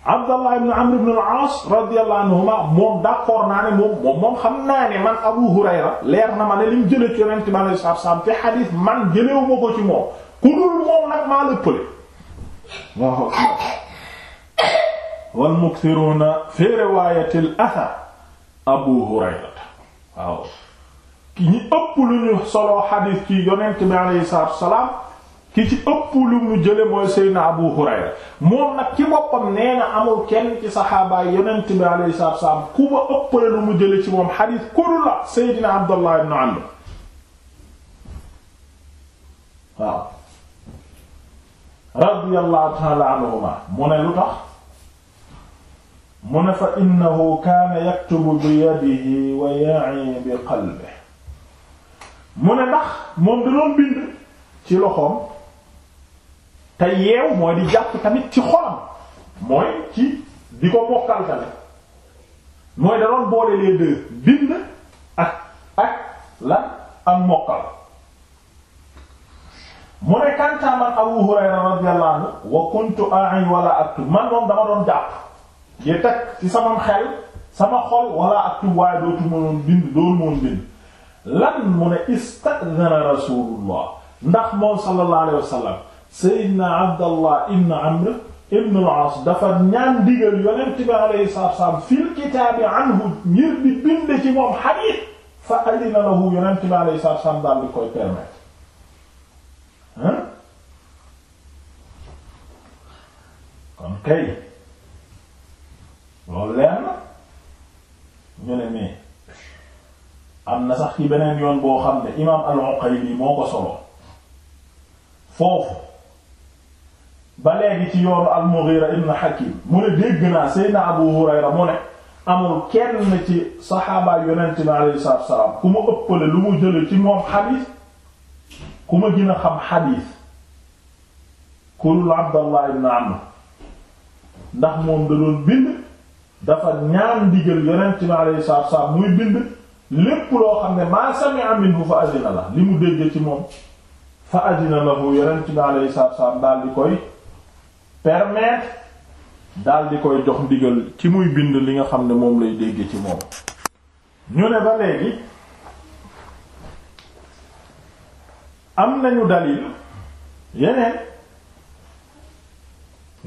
Abdullah ibn Amr ibn al-As radiyallahu anhuma moom d'accord naa ne moom moom moom xam naa ne man Abu Hurayra leer na ma ne li mu jële ci yonent bi aleyhi salaatu wasalaam te xadiis man jëlewu ma ko ci moom ku dul moom nag maa la ëppale waaw wal muktiruna fi riwaayatil athar abu hurayrata ki ñi ëpp lu ñu solo xadiis ci yonent bi alayhi salaatu wassalaam ki ci ëpp lu mu jële mooy seydna abu hurayra moom nag ci boppam nee amul kenn ci saxaabaay yonent bi alayhi salaatu wassalaam ku ba lu mu jële ci moom xadiis kuru la seydna abdullah ibn radiyallahu ta'ala anhuma mu ne lu tax mu ne fa innahu kaana yaktubu bi yadihi wa ya'i bi qalbihi mu ne ndax moom da bind ci loxoom te yeew mooy di jàpp tamit ci xolam mooy ci di ko bokkal tamit mooy da boole les deux bind ak ak la am mokkal mu ne kantaa man Abu Hurayra radiyallahu anhu wa kuntu a'in wala aktub man moom dama doon jàpp di teg ci sama xel sama xol wala aktub waaye dootu mënoon bind doolu moon bind lan mu ne ista'dhana rasulullah ndax moom sallallahu alayhi wa sallam sayyidina Abdallah ibn Amr ibn al-As dafa ñaan digal yonent bi alayhi salaatu wassalaam fil kitaabi anhu ngir di bind ci moom hadith fa adina lahu yonent bi alayhi salaatu wassalaam daal di koy permettre hein kon loolu leer na ñu ne am na sax ci beneen yoon boo xam ne imaam al-Uqayli moo ko solo foofu ba léegi ci yoonu al-Mughira ibn Hakim mu ne dégg naa Abu Hurayra mu ne amul kenn ci saxaaba mu ëppale lu mu jële ku ma dina a xam xadiis kurul Abdallah ibn Amr ndax moom da doon bind dafa ñaan ndigal yonent mi alayhi salaatu salaam muy bind lépp loo xam ne maa sami'a minhu fa adina la li mu dégg ci moom fa adina lahu yonent mi alayhi salaatu salaam daal di koy permettre daal di koy jox ndigal ci muy bind li nga xam ne moom lay dégg ci moom ñu ne ba léegi am nañu dalil yeneen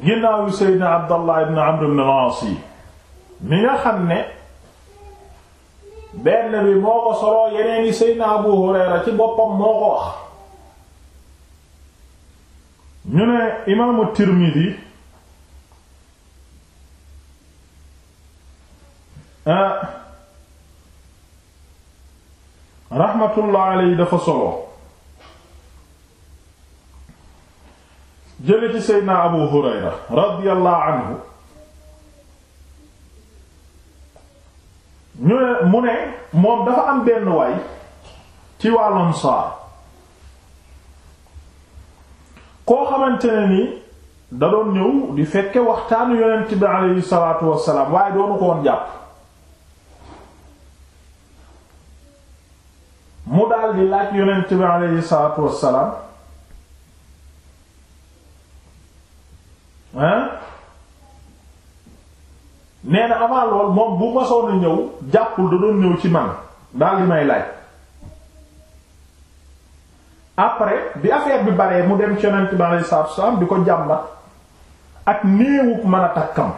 ginnaaw Seydina Abdallah ibn Amr ibn al mi nga xam ne benn bi moo ko soloo yeneen yi Seydina Abu Hurayra ci boppam moo ko wax ñu ne imaamu Tirmidhi ah, rahmatullah alayhi dafa solo jële ci abu hurayra radiyallahu anhu ñu ne mu ne moom dafa am benn waay ci wàllum saar koo xamante ne ni da doon ñëw di fekke waxtaanu yonent bi aleyhi salaatu wassalaam waaye doonu ko woon jàpp mu daal di laaj yonent bi aleyhi salaatu wassalaam ah nee na avant lool moom bu masoon a ñëw jàppul da doon ñëw ci man daal di may laaj après bi affaire bi baree mu dem ci yonent bi alayhi salaatu wassalaam di ko jàmbat ak néewuk mën a takkam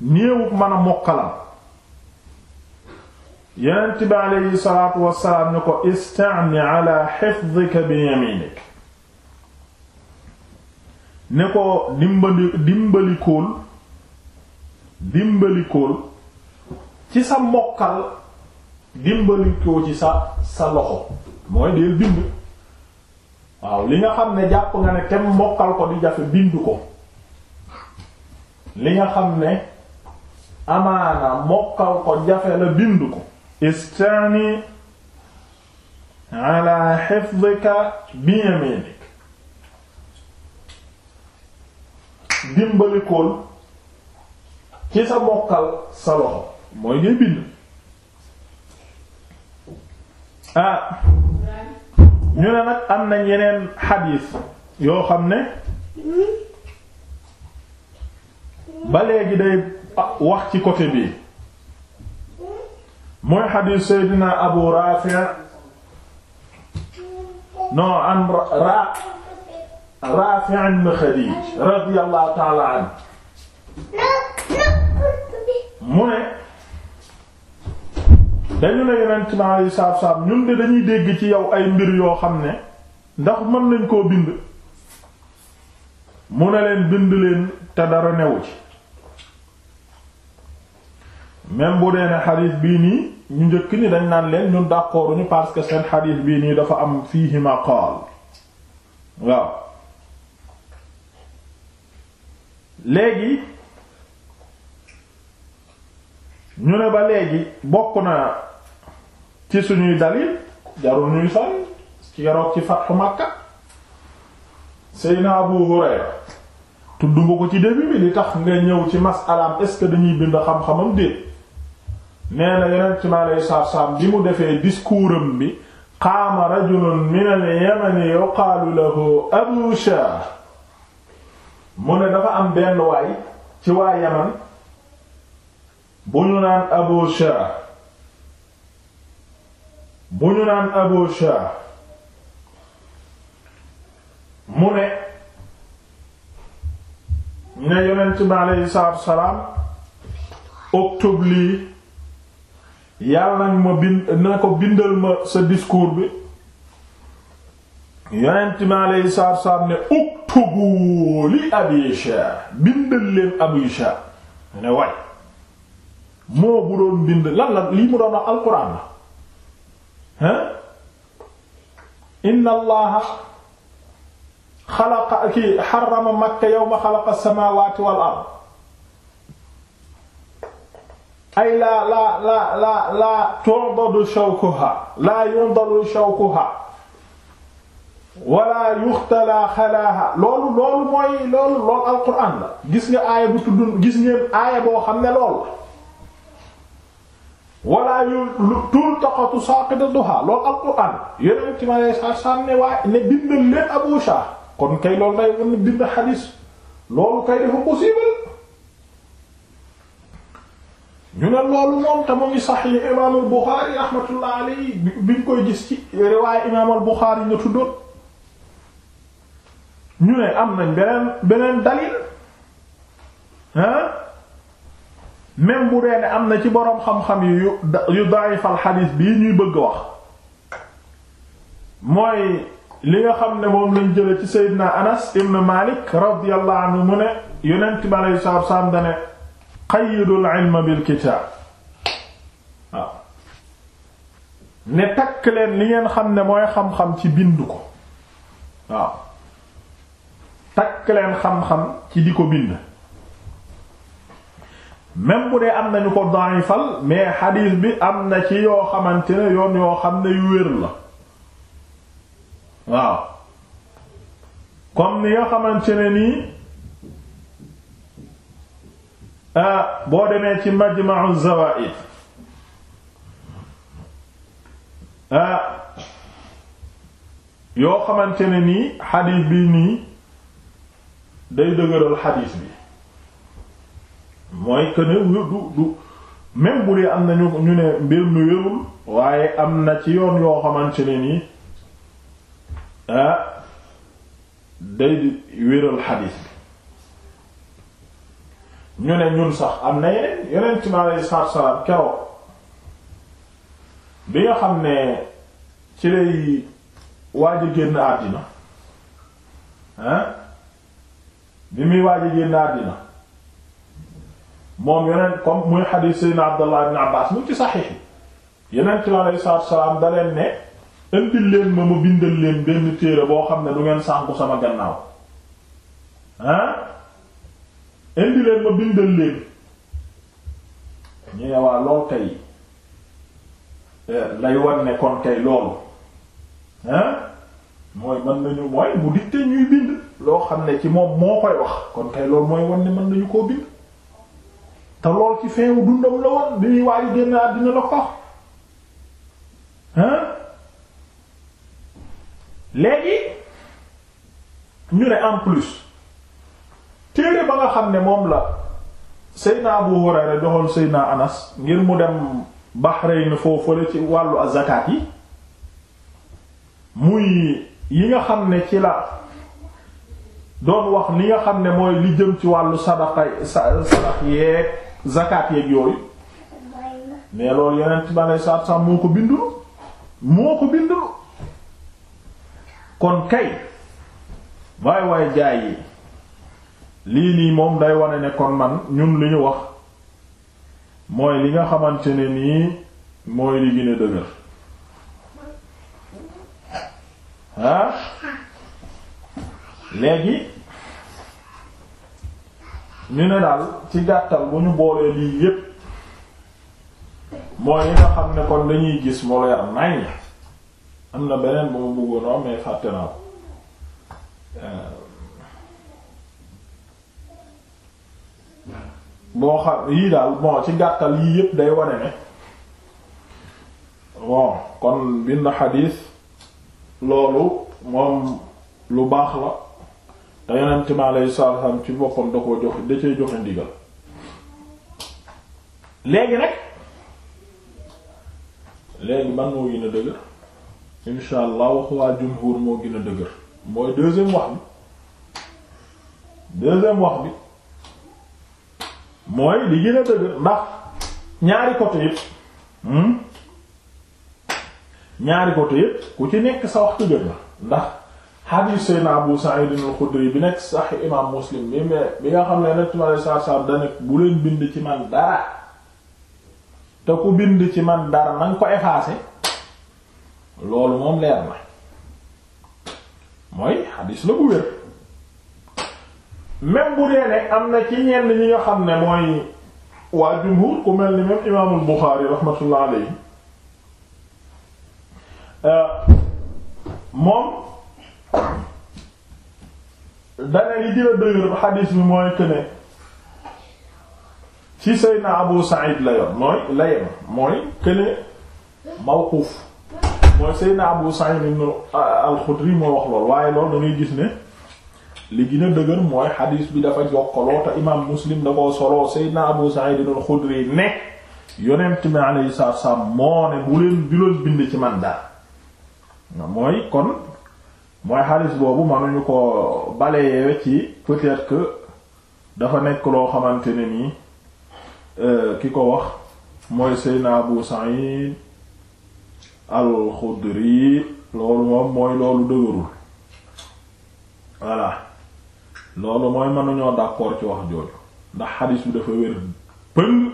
néewuk mën a mokkalam yonent bi alayhi salaatu wassalaam ni ko ista'ni ala hifdhika bi yaminik ne ko dimbali dimbalikool dimbalikool ci sa mokkal dimbalikoo ci sa sa loxo mooy deel bind waaw li nga xam ne jàpp nga ne te mokkal ko di jafe bind ko li nga xam ne amaana mokkal ko jafe la bind ko istani ala hifdhika bi yaminik dimbalikoon ci sa mokkal sa loxo mooy ngay bind ah ñu ne nag am nañ yeneen xadiis yoo xam ne ba léegi day wax ci côté bi mooy xadiis Seydina Abu Rafi' non am ra Raafi ibn Xadiij radiyallahu ta'ala mu ne dañu ne yonent bi alayhi salaatu salaam ñun de dañuy dégg ci yow ay mbir yoo xam ne ndax mën nañ koo bind mu ne leen bind leen te dara newu ci même bu dee ne xadiis bii nii ñu njëkk ni dañ naan leen ñun d'accorduñu parce que seen xadiis bii nii dafa am fiihi maqaal waaw léegi ñu ne ba léegi bokk na ci suñuy dalil jarul ñuy sol ci yaroot ci Fathu Makka Seyna Abu Hurayra tudd nga ci début bi li tax nga ñëw ci masalaam est-ce que dañuy bind xam-xamam déet nee na yeneen ci ma lay saab-saab bi mu defee discours am bi qaama rajulun min al-yaman yuqaalu lahu Abu Shah mu ne dafa am benn waay ci waa Yaman bu ñu naan Abu Shah bu ñu naan Abu Shah mu ne ne yonent bi aleyhi salaatu wasalaam octobre lii yàlla nag ma bind na ko bindal ma sa discours bi yonent bi aleyhi salaatu wasalaam ne uktubuu li abi shah bindal leen abi shah ne waay moo bu doon bind lan la lii mu doon wax alquran la hein inna allaha xalaqa ki xarama makka yawma xalaqa as-samawati wal ard ay la la la la la tu'dadu shawkuha la yundadu shawkuha wala yuxtala xalaaha loolu loolu mooy gis nga aaya bu tudd gis ngeen aaya boo xam ne loolu la wala yu tultaqatu saqita duha loolu alquran yeneen ci ma lay sa sànne waaye ne bind leen Abu Shah kon kay loolu day wan bind xadiis loolu kay dafa possible ñu ne loolu moom te mu ngi sahih imaamul rahmatullah alayhi bi ñu gis ci riwaaya imaamul Buxaari nga tuddoon ñu ne am nañ beneen beneen dalil hein même bu dee ne am na ci boroom xam-xam yu yu daayifal xadiis bii ñuy bëgg wax mooy li nga xam ne moom lañ jële ci Seydina Anas ibn Malik radiyallahu anhu mu ne yonent bi aleyhi salaatu salaam dane qayyidul ilma bil kitaab waaw ne takk leen li ngeen xam ne mooy xam-xam ci bind ko waaw takk leen xam-xam ci di ko bind même bu dee am nañu ko da'ifal mais xadiis bi am na ci yoo xamante ne yoon yoo xam ne yu wér la waaw comme ni nga xamante ne nii ah, boo demee ci Majma'u Zawaa'id ah, yoo xamante ne nii xadiis bi nii day dëgëral xadiis bi mooy que ne du du même bu am na ñu ñu ne mbir mi wérul waaye am na ci yoon yoo xamante ne nii ah day di wéral xadiis bi ñu ne ñun sax am na yeneen yeneen ci ma lay salaam bi nga xam ne ci lay waaj génn àddina ah. bi muy waaj a génn àddina moom yeneen comme muy xadiis Seydina Abdallah ibn Abbaas mu ci saxiix yi yeneen ci aleyhi salaatu salaam da ne indil ma ma bindal benn téere boo xam ne du ngeen sànku sama gannaaw ah indi ma bindal ñu ne waa lool kay eh, lay wan ne kon kay loolu ah mooy mën nañu mooy mu dicté ñuy bind loo xam ne ci moom moo koy wax kon kay loolu mooy wan ne mën nañu koo bind te lool ci feewu dundam la woon bi muy waayu génn àddina la ko hein léegi ñu ne en plus téere ba nga xam ne moom la Seydina Abu Hurayra doxal Seydina Anas ngir mu dem Bahrain foofu la ci wàllu azakaat yi muy yi nga xam ne ci la doon wax li nga xam ne mooy li jëm ci wàllu sadaqa sadax yeeg zakat yeeg yooyu mais loolu yeneen ba lay saat sax moo ko bindul moo ko bindul kon kay waay waay jaay yi lii nii moom day wane ne kon man ñun li ñu wax mooy li nga xamante ne nii mooy li gën a dëgër ah léegi ñu ne daal ci gàttal bu ñu boolee lii yépp mooy yi nga xam ne kon dañuy gis mu leer nañ am na beneen bu ma bëggoon wax fàtte naa ko euh, boo xam yii daal bon ci gàttal yii yépp day wane ne bon kon bind xadiis loolu moom lu baax la te yonent mi alayhi salaatu salaam ci boppam da koo da cee joxe ndigal léegi nag léegi ban moo gën a dëgër insha wax waa jumhur moo gën a dëgër mooy deuxième wax bi deuxième wax bi mooy li gën a dëgër ndax ñaari côté yépp hmm? ñaari côté yépp ku ci nekk sa wax dëgër la ndax xadiis Seydina Abu Sa'id al bi nekk sax imaam Muslim bi bi nga xam ne Yonent mi sallallahu alayhi wasallam bu leen bind ci man dara te ku bind ci man dara nanga ko effacer loolu moom leer na mooy xadiis la bu wér même bu dee ne am na ci ñenn ñi nga xam ne mooy waa jumhur ku mel ni même imaamul Buxaari rahmatullah euh, moom dane li dina dëgër xadiis bi mooy këne ci Seydina Abu Saïd la yoon mooy la yem mooy këne mawquuf mooy Seydina Abu Saïd ibn al moo wax lool waaye loolu da gis ne li gën a dëgër mooy xadiis bi dafa jokkaloo te imaam Muslim da koo soloo Seydina Abu Saïd ibn al ne yonent mi alayhi salaatu wa moo ne bu leen bi loolu bind ci man daal mooy kon mooy xadis boobu mënuñu ko balayewe ci peut-être que dafa nekk loo xamante ne nii euh, ki ko wax mooy Seydina Abu Sa'id al-Khudri loolu moom mooy loolu dëgërul voilà loolu mooy mënuñoo d'accord ci wax jooju ndax xadis bi dafa wér pëng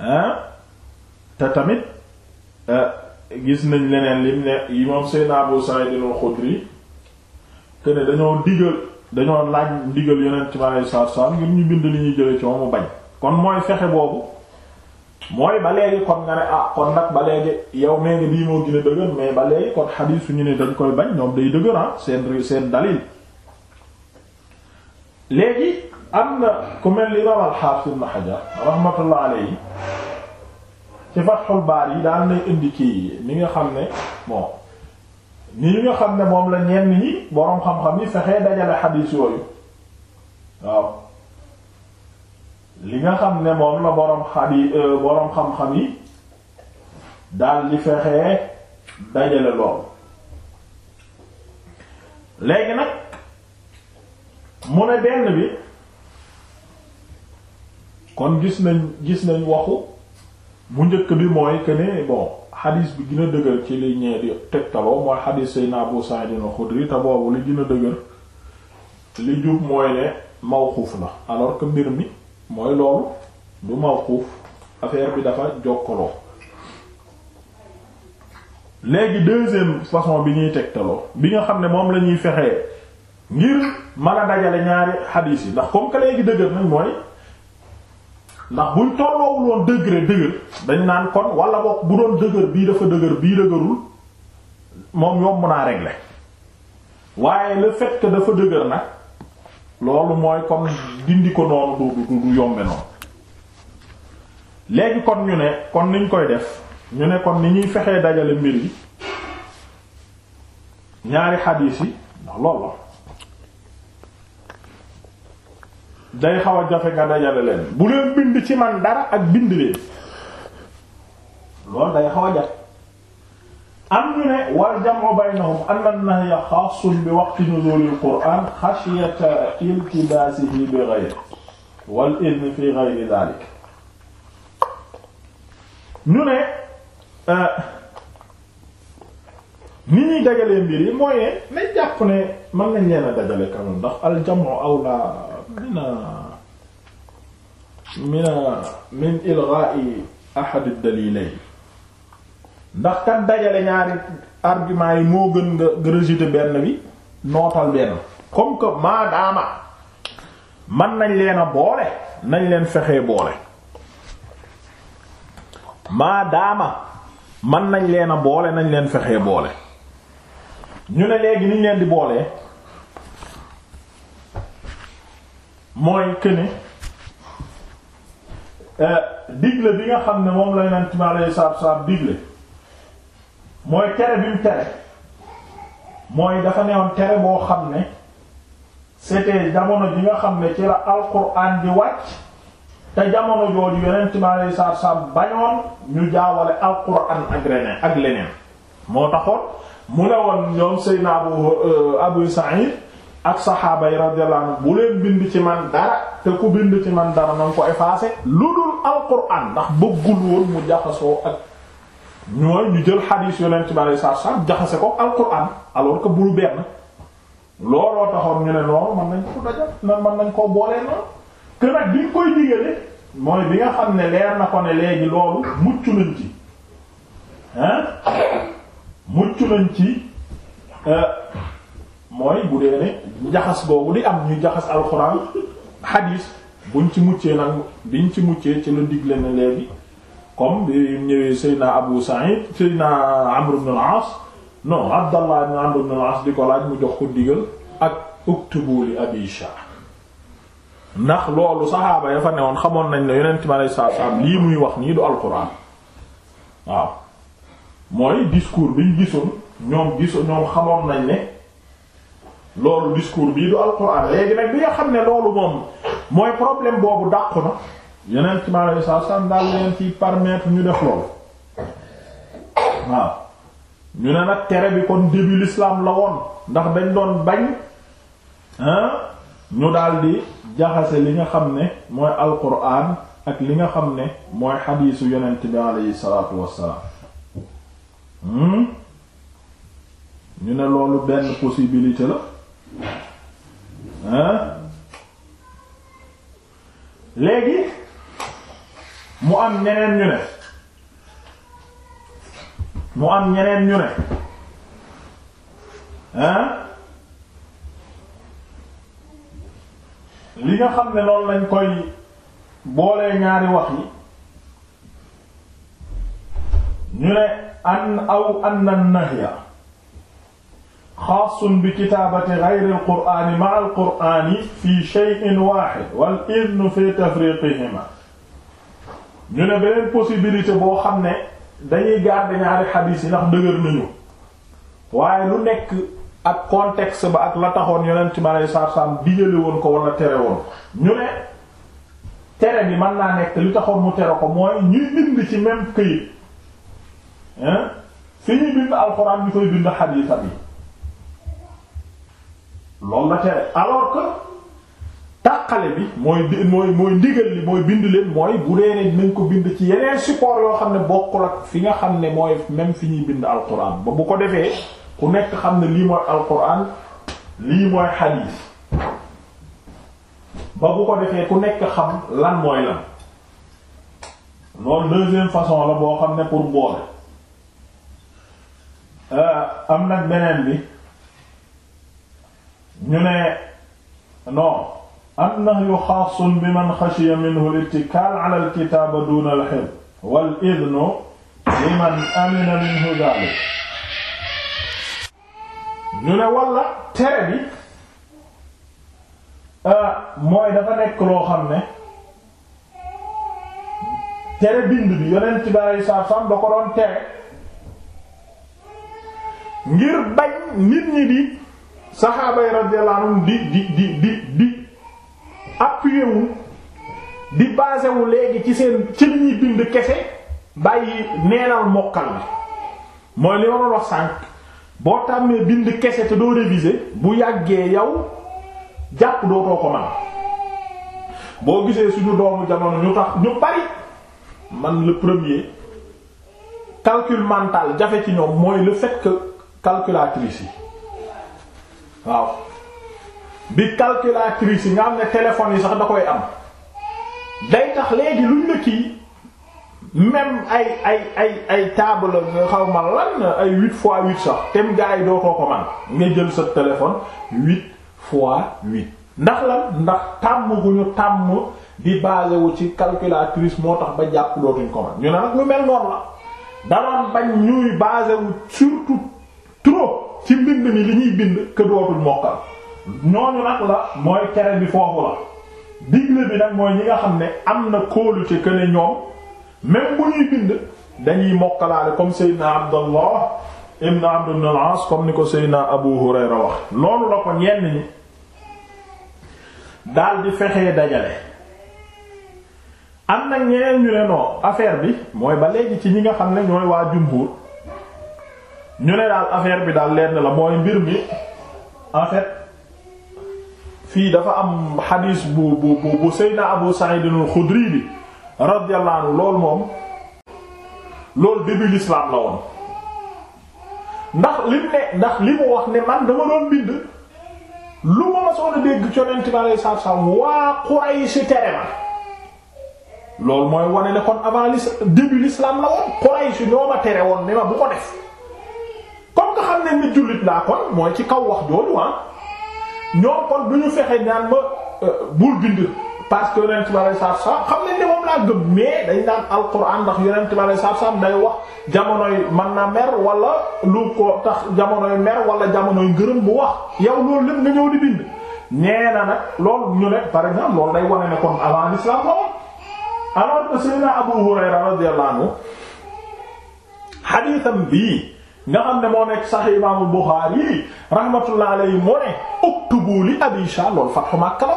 hein te tamit euh, gis nañ leneen lim ne yi moom Seydina Abu Sa'id al-Khudri te ne dañoo digal dañoo laaj digal Yonent bi alayhi salaatu salaam ngir ñu bind li ñuy jële ci moom mu bañ kon mooy fexe boobu mooy ba léegi kon nga ne ah kon nag ba léegi yow nee nga bii moo gën dëgër mais ba léegi kon xadiis su ñu ne dañ koy bañ ñoom day dëgër ah seen seen dalil léegi am na ku mel ni imaam al-Haafiz Ibn Hajar rahmatullah yi ci Fathul Baari yi daal nay indi kii ni nga xam ne bon ni nga xam ne moom la ñenn ñi boroom xam-xam yi fexee dajale xadiis yooyu waaw li nga xam ne moom la boroom xadi euh, boroom xam-xam yi daal di fexee dajale lool léegi nag mu ne benn bi kon gis nañ gis nañ waxu bu njëkk bi mooy que ne bon xadis bi gën a dëgër ci li ñee di tegtaloo mooy xadis sayna Abu Sa'id al-Khudri te boobu li gën a dëgër li jub mooy ne xuuf la alors que mbir mi mooy loolu du mawxuuf affaire bi dafa jokkaloo léegi deuxième façon bi ñuy tegtaloo bi nga xam ne moom la ñuy fexee ngir mën a dajale ñaari xadis yi ndax comme que léegi dëgër nañ mooy ndax buñ tolloowul woon degré dëgër dañ naan kon wala bokk bu doon dëgër bii dafa dëgër bii dëgërul moom yomb naa régler waaye le fait dafa dëgër nag loolu mooy comme dindi ko noonu du du du yombe noonu léegi kon ñu ne kon niñ koy def ñu ne kon ni ñuy fexee dajale mbir yi ñaari xadiis yi ndax loolu la day xaw a jafe nga dajale leen bu leen bind ci man dara ak bind leen loolu day xaw a jafe am ñu ne wal jam'u baynahum anna an-nahya xaasun bi waqti nuzul al-qur'an xashyata iltibasihi bi ghayri wal idn fi ghayri dhalik ñu ne euh, ni ñuy dajalee mbir yi mooy ne nañ jàpp ne mën nañ leen a dajale kanam ndax al jam'u awla mina mina min ilgaa'i ahad ad-dalilayn ndax kan dajale ñaari argument yi moo gën nga nga rejeter benn bi nootal benn comme maadaama man nañ leen a boole nañ leen fexee boole maadaama man nañ leen a boole nañ leen fexee boole ñu ne léegi niñ leen di boole mooy këne euh, digle bi nga xam ne moom la yonent bi alayhi salaatu wa digle mooy tere bi tere mooy dafa newoon tere boo xam ne c'était jamono ji nga xam ne ci la alquran di wàcc te jamono jooju yonent bi alayhi salaatu wa salaam bañoon ñu jaawale alquran ak leneen ak leneen moo taxoon mu ne woon ñoom Seydina Abu euh, Abu Sa'id ak saxaaba yi radiyallahu anhu bu leen bind ci man dara te ku bind ci man dara nanga ko effacer lu dul alquran ndax bëggul woon mu jaxasoo ak ñooy ñu jël xadiis yonent ci alei sax salam jaxase ko alquran alors que buru benn looloo taxoon ñu ne loolu mën nañ ko dajal na nañ koo boolee noonu que nag bi ñu koy digale mooy bi nga xam ne leer na ko ne léegi loolu mucc nañ ci hein mucc nañ ci euh, mooy bu dee ne jaxas boobu di am ñu jaxas alxuraan xadiis buñ ci muccee nag biñ ci muccee ci la digle na léegi comme bi ñëwee Seydina Abu Sa'id Seydina Amr ibn al-As non Abdallah ibn Amr ibn al-As di ko laaj mu jox ko digal ak uktubu li Abi ndax loolu saxaaba ya fa newoon xamoon nañ ne yonent mi alayhi salaatu salaam lii muy wax nii du alxuraan waaw mooy discours biñ gisoon ñoom gisoon ñoom xamoon nañ ne loolu discours bii du alxuraan léegi nag bi nga xam ne loolu moom mooy problème boobu dàqu na yeneen ci maanaam saa sàn daal leen ci permettre ñu def loolu waaw ñu ne nag tere bi kon début l'islam la woon ndax dañ doon bañ ñu daal di jaxase li nga xam ne mooy alxuraan ak li nga xam ne mooy xadiisu yonent bi alayhi salaatu wassalaam hmm? ñu ne loolu benn possibilité la. léegi mu am ñeneen ñu ne mu am ñeneen ñu ne hein li nga xam ne loolu lañ koy boolee ñaari wax yi ñu ne an aw an na nahya xaasun bi kitaabati gayri alqur'aani ma alqur'aani fii shay'in waaxid wal idnu fi tafriqihima ñu ne beneen possibilité boo xam ne dañuy garder ñaari xadiis yi ndax dëgër nañu waaye lu nekk ak contexte ba ak la taxoon yonent ma lay sarsam digale woon ko wala tere woon ñu ne tere bi mën naa nekk li taxoon mu tere ko mooy ñuy bind ci même këyit fi ñuy bind alxuraan ñu koy bind xadiisam yi loolu la tere alors que tàqale bi mooy mooy mooy ndigal li mooy bind leen mooy bu dee nañ ko bind ci yeneen support yoo xam ne bokkul ak fi nga xam ne mooy même fi ñuy bind alquran ba bu ko defee ku nekk xam ne lii mooy alquran lii mooy xadiis ba bu ko defee ku nekk xam lan mooy lan loolu deuxième façon la boo xam ne pour boole euh, am nag beneen bi ñu ne non annahyu xaasun bi man xashiya minhu al ala kitaaba duuna al-hifz wal idhnu liman amina minhu dhalik ñu ne walla tere bi euh, mooy dafa nekk loo xam ne tere bind bi yonent bi alei saatu salaam da ko doon tere ngir bañ nit ñi di saxaaba yi radiyallahu di di di di di appuyé di basé léegi ci seen ci li ñuy bind kese bàyyi neenal mokkal bi mooy li waroon wax sànq boo tàmmee bind kese te doo réviser bu yàggee yow jàpp dootoo ko man boo gisee suñu doomu jamono ñu tax ñu bari man le premier calcul jafe ci ñoom mooy le fait que calculatrice yi waaw bi calculatrice yi nga xam ne téléphone yi sax da koy am day tax léegi luñ la kii même ay ay ay ay table nga xaw ma lan ay huit fois huit sax tem gaa yi doo koo ko man nga jël sa téléphone huit fois huit ndax lan ndax tàmm gu ñu tàmm di basé wu ci calculatrice moo tax ba jàpp dootuñ ko man ñu ne nag lu mel noonu la danoon bañ ñuy basé surtout trop ci mbind mi li ñuy bind que dootul mokkal ñooñu nag la mooy cere bi foofu la digle bi nag mooy ñi nga xam ne am na kóolute ci ne ñoom même bu ñuy bind dañuy mokkalaale comme Seydina Abdallah ibn Amr ibn comme ni ko Seydina Abu Hurayra wax loolu la ko ñenn ñi daal fexee dajale am na ñeneen ñu ne non affaire bi mooy ba léegi ci ñi nga xam ne ñooy waa jumhur ñu ne daal affaire bi daal lenn la mooy mbir mi en fii dafa am xadiis bu bu bu Seydina Abu Sa'id al-Khudri bi radiyallahu anhu loolu moom loolu début l'islam la woon ndax li ne ndax li mu wax ne man dama doon bind lu ma ma soxla dégg conenti ma lay saab saab waa Quraysh tere ma loolu mooy wane ne kon avant début l'islam la woon Quraysh ñoo ma tere woon ne ma bu ko def comme nga xam ne ni jullit laa kon mooy ci kaw wax jooju ah ñoom kon du ñu fexe ñaan ma euh, bul bind parce que yonent bi alayhi salaatu xam nañ ne moom laa gëm mais dañ naan alquran ndax yonent bi alayhi salaatu salaam day wax jamonoy man na mer wala lu ko tax jamonoy mer wala jamonoy ngërëm bu wax yow loolu lépp nga ñëw di bind. na nag ñu ne par exemple loolu day wane ne Abu Hurayra radiyallahu anhu bii. nga xam ne moo nekk sax imaamul Buxaari rahmatullah alayhi moo ne uktubu li Abi loolu Fathu Makka la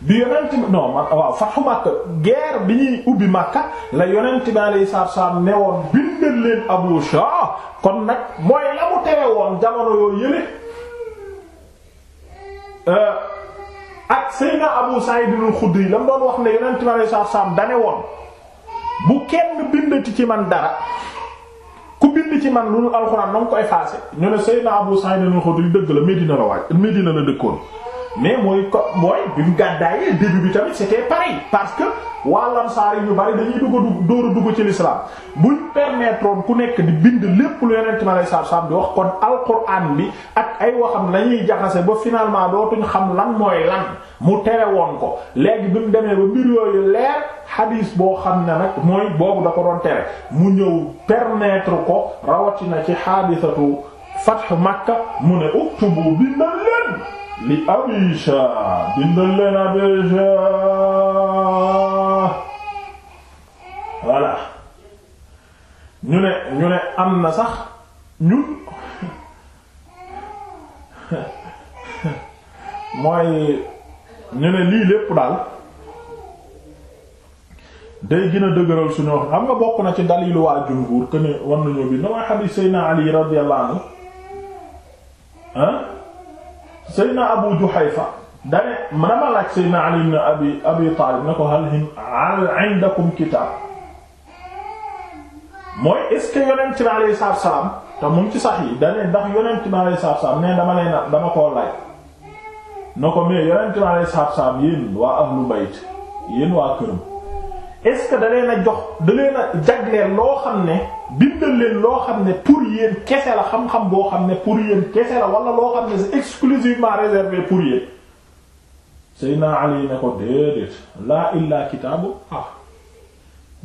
bi yonent bi non waaw Fathu Makka guerre bi ñuy ubbi Makka la yonent bi alayhi salaatu salaam ne woon bindal leen Abu Shah kon nag mooy la mu tere woon jamono yoo yële eh, ak Seydina Abu Sa'id al-Khudri la mu wax ne yonent bi alayhi salaatu dane woon bu kenn bindati ci man dara. ku bind ci man lu nu alxuraan na nga ko effacé ñu ne Seydina Abu Sa'id al dëgg la Medina la waaj Medina la dëkkoon mais mooy ko mooy bi mu gàddaayee début bi tamit c'était pareil parce que waa Ansaar yi ñu bari dañuy dugg a dugg dóor a dugg ci l'islam buñ permettre ku nekk di bind lépp lu yonent ma lay saabsaab di wax kon alquran bi ak ay waxam la ñuy jaxase ba finalement dootuñ xam lan mooy lan mu tere woon ko léegi bi mu demee ba mbir yooyu leer xadiis boo xam ne nag mooy boobu da ko doon tere mu ñëw permettre ko rawatina ci xaadisatu fath Makka mu ne uktubu bi na leen. li Abi Shah bindal leen Abi Shah voilà ñu ne ñu ne am na sax ñun mooy ñu ne lii lépp daal day gina a dëgëral suñu wax nga bokk na ci dalilu waa jumhuur que war nañoo bi na mooy xadiis Seydina Ali radiyallahu anhu ah? Seydina Abu Juhayfa dane dama laaj Seydina Ali Abi Abi Taalib ko hal him hal indakum kitaab mooy est-ce que yonent bi te mu ci sax yi dane ndax yonent bi alayhi salaam ne dama leen dama koo laaj na ko mais yonent bi alayhi salaam yéen waa ahlu bayt yéen waa këram est-ce que jox da leen a loo xam ne. bindal leen loo xam ne pour yéen kese la xam-xam boo xam ne pour yéen kese la wala loo xam ne c'est exclusivement réservé pour yéen Seydina Ali ne ko déedéet laa illaa kitaabu ah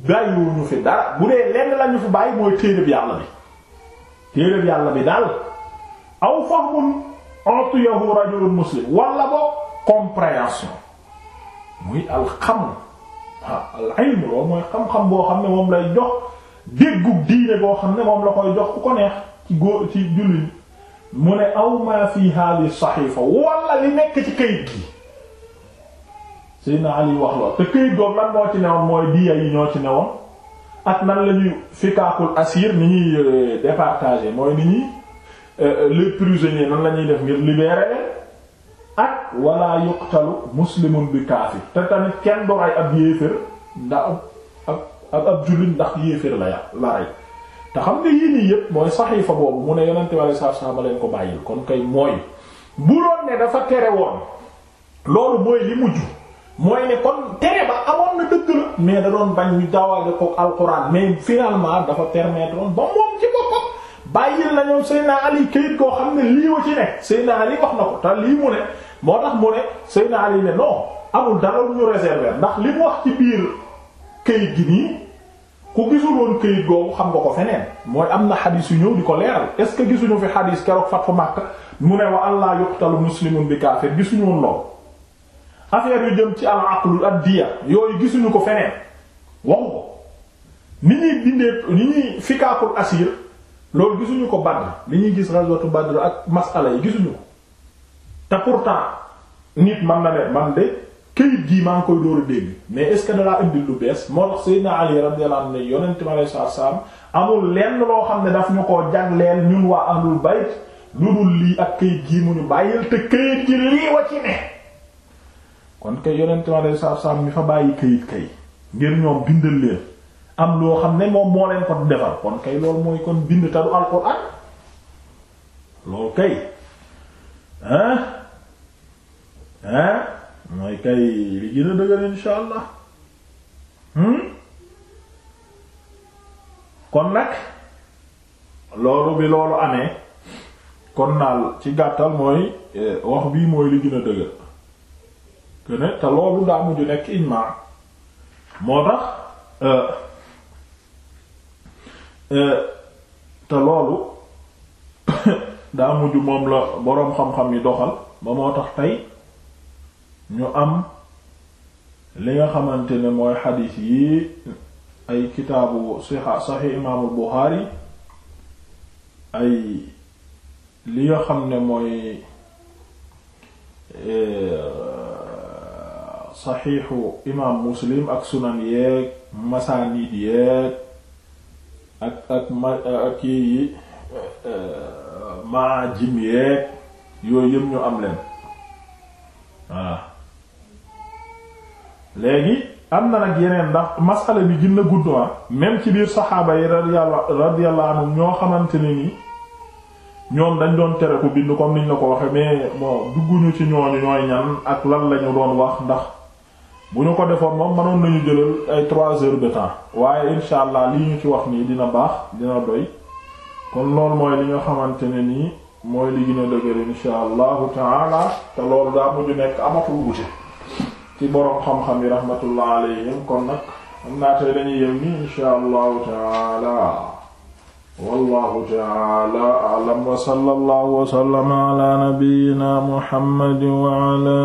bàyyiwuñu fi dara bu dee lenn la ñu fi bàyyi mooy téereb yàlla bi téereb yàlla bi daal aw fahmun utiyahu rajulun muslim wala boog compréhension muy alxam waaw al ilm loolu mooy xam-xam boo xam ne moom lay jox déggug diine boo xam ne moom la koy jox ku ko neex ci góor ci jullit mu ne aw ma fi hadhihi sahifa wala li nekk ci kayit gi Seydina Ali wax lool te kayit googu lan moo ci new mooy diya yi ñoo ci newoon ak nan la fikaakul asir ni ñuy euh, départager mooy ni ñuy euh, les prisonniers nan la ñuy def ngir libérer ak wala yuqtalu muslimun bi kaafir te tamit kenn du ab yéefër ndax ak ab jullit ndax yéeféer la yàq la rey te xam nga yii nii yépp mooy saxiifa boobu mu ne yonente wala saa ma leen ko bàyyil kon kay mooy bu doon ne dafa tere woon loolu mooy li mujj mooy ne kon tere ba amoon na dëgg la mais da doon bañ ñu daawale ko alxuraan mais finalement dafa permettre woon ba moom ci boppam bàyyil na ñoom Seydina Ali kayit koo xam ne lii wa ci ne Seydina Ali wax na ko te lii mu ne moo tax mu ne Seydina Ali ne non amul dara ndax li mu biir kayit ku gisul woon këyit googu xam nga ko feneen mooy am na xadis yu ñëw di ko leeral est ce que gisuñu fi xadis keroog fatfu Makka mu ne wa allah yuqtalu affaire yu jëm ci al aqlu ad diya yooyu gisuñu ko feneen waxu ko ni ñuy bindee ni ñuy fikaakul asir loolu gisuñu ko Badr li ñuy gis ghazwatu Badr ak masala yi gisuñu ko te pourtant nit man na ne man de këyit gii maa ngi koy door a dégg mais est ce dalaa indi lu bees moo tax Seydina Ali radiyallahu anhu yonent bi alayhi salaam amul lenn loo xam ne daf ñu koo jagleel ñun waa ahlul bayt lu dul lii ak këyit gii mu ñu bàyyil te këyit gi lii wa ci ne kon kay yonent bi alayhi salaam mi fa bàyyi këyit kay ngir ñoom bindal leen am loo xam ne moom moo leen ko defal kon kay loolu mooy kon bind ta du alxuraan loolu kay hein hein mooy kay li gën a dëgër insha allah hmm? kon nag loolu bi loolu amee kon naal ci gàttal mooy eh, wax bii mooy li gën a dëgër këne te loolu daa mujj nekk ijmaa moo tax eh, eh, te loolu daa mujj moom la boroom xam-xam yi doxal ba moo tax tey ñu am li nga xamante ne mooy xadiis yi ay kitaabu saxi imaamul Buxaari ay li nga xam ne mooy e, saxiixu imaam muslim ak sunan yeeg masaanid yeeg ak ak ma ak yi e, maajim yeeg yooyu yëpp ñu am leen waaw léegi am na nag yeneen ndax masala bi gën na gudd ah. même ci biir saxaaba yi radiyallahu anhum ñoo xamante ne ni ñoom dañ doon tere ku bind comme niñ la ko waxe mais bon dugguñu ci ñooñu ñooy ñan ak lan lañu doon wax ndax bu ñu ko defoon moom mënoon nañu jëlal ay trois heures de temps waaye insha allah lii ñu ci wax nii dina baax dina doy kon loolu mooy li nga xamante ne nii mooy li gën a dëgër insha allahu taala te loolu daa di nekk ak amatul si ci boroom xam-xam yi rahmatullah alayhim kon nag am naa tey dañuy yem ni insha allahu taala wallahu taala a'lam wa sallallahu wa sallama ala nabiyyina muhammad wa ala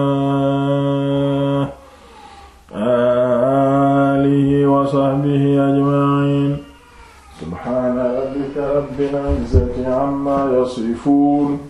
alihi wa sahbihi ajma'in subhana rabbika rabbil izzati amma yasifun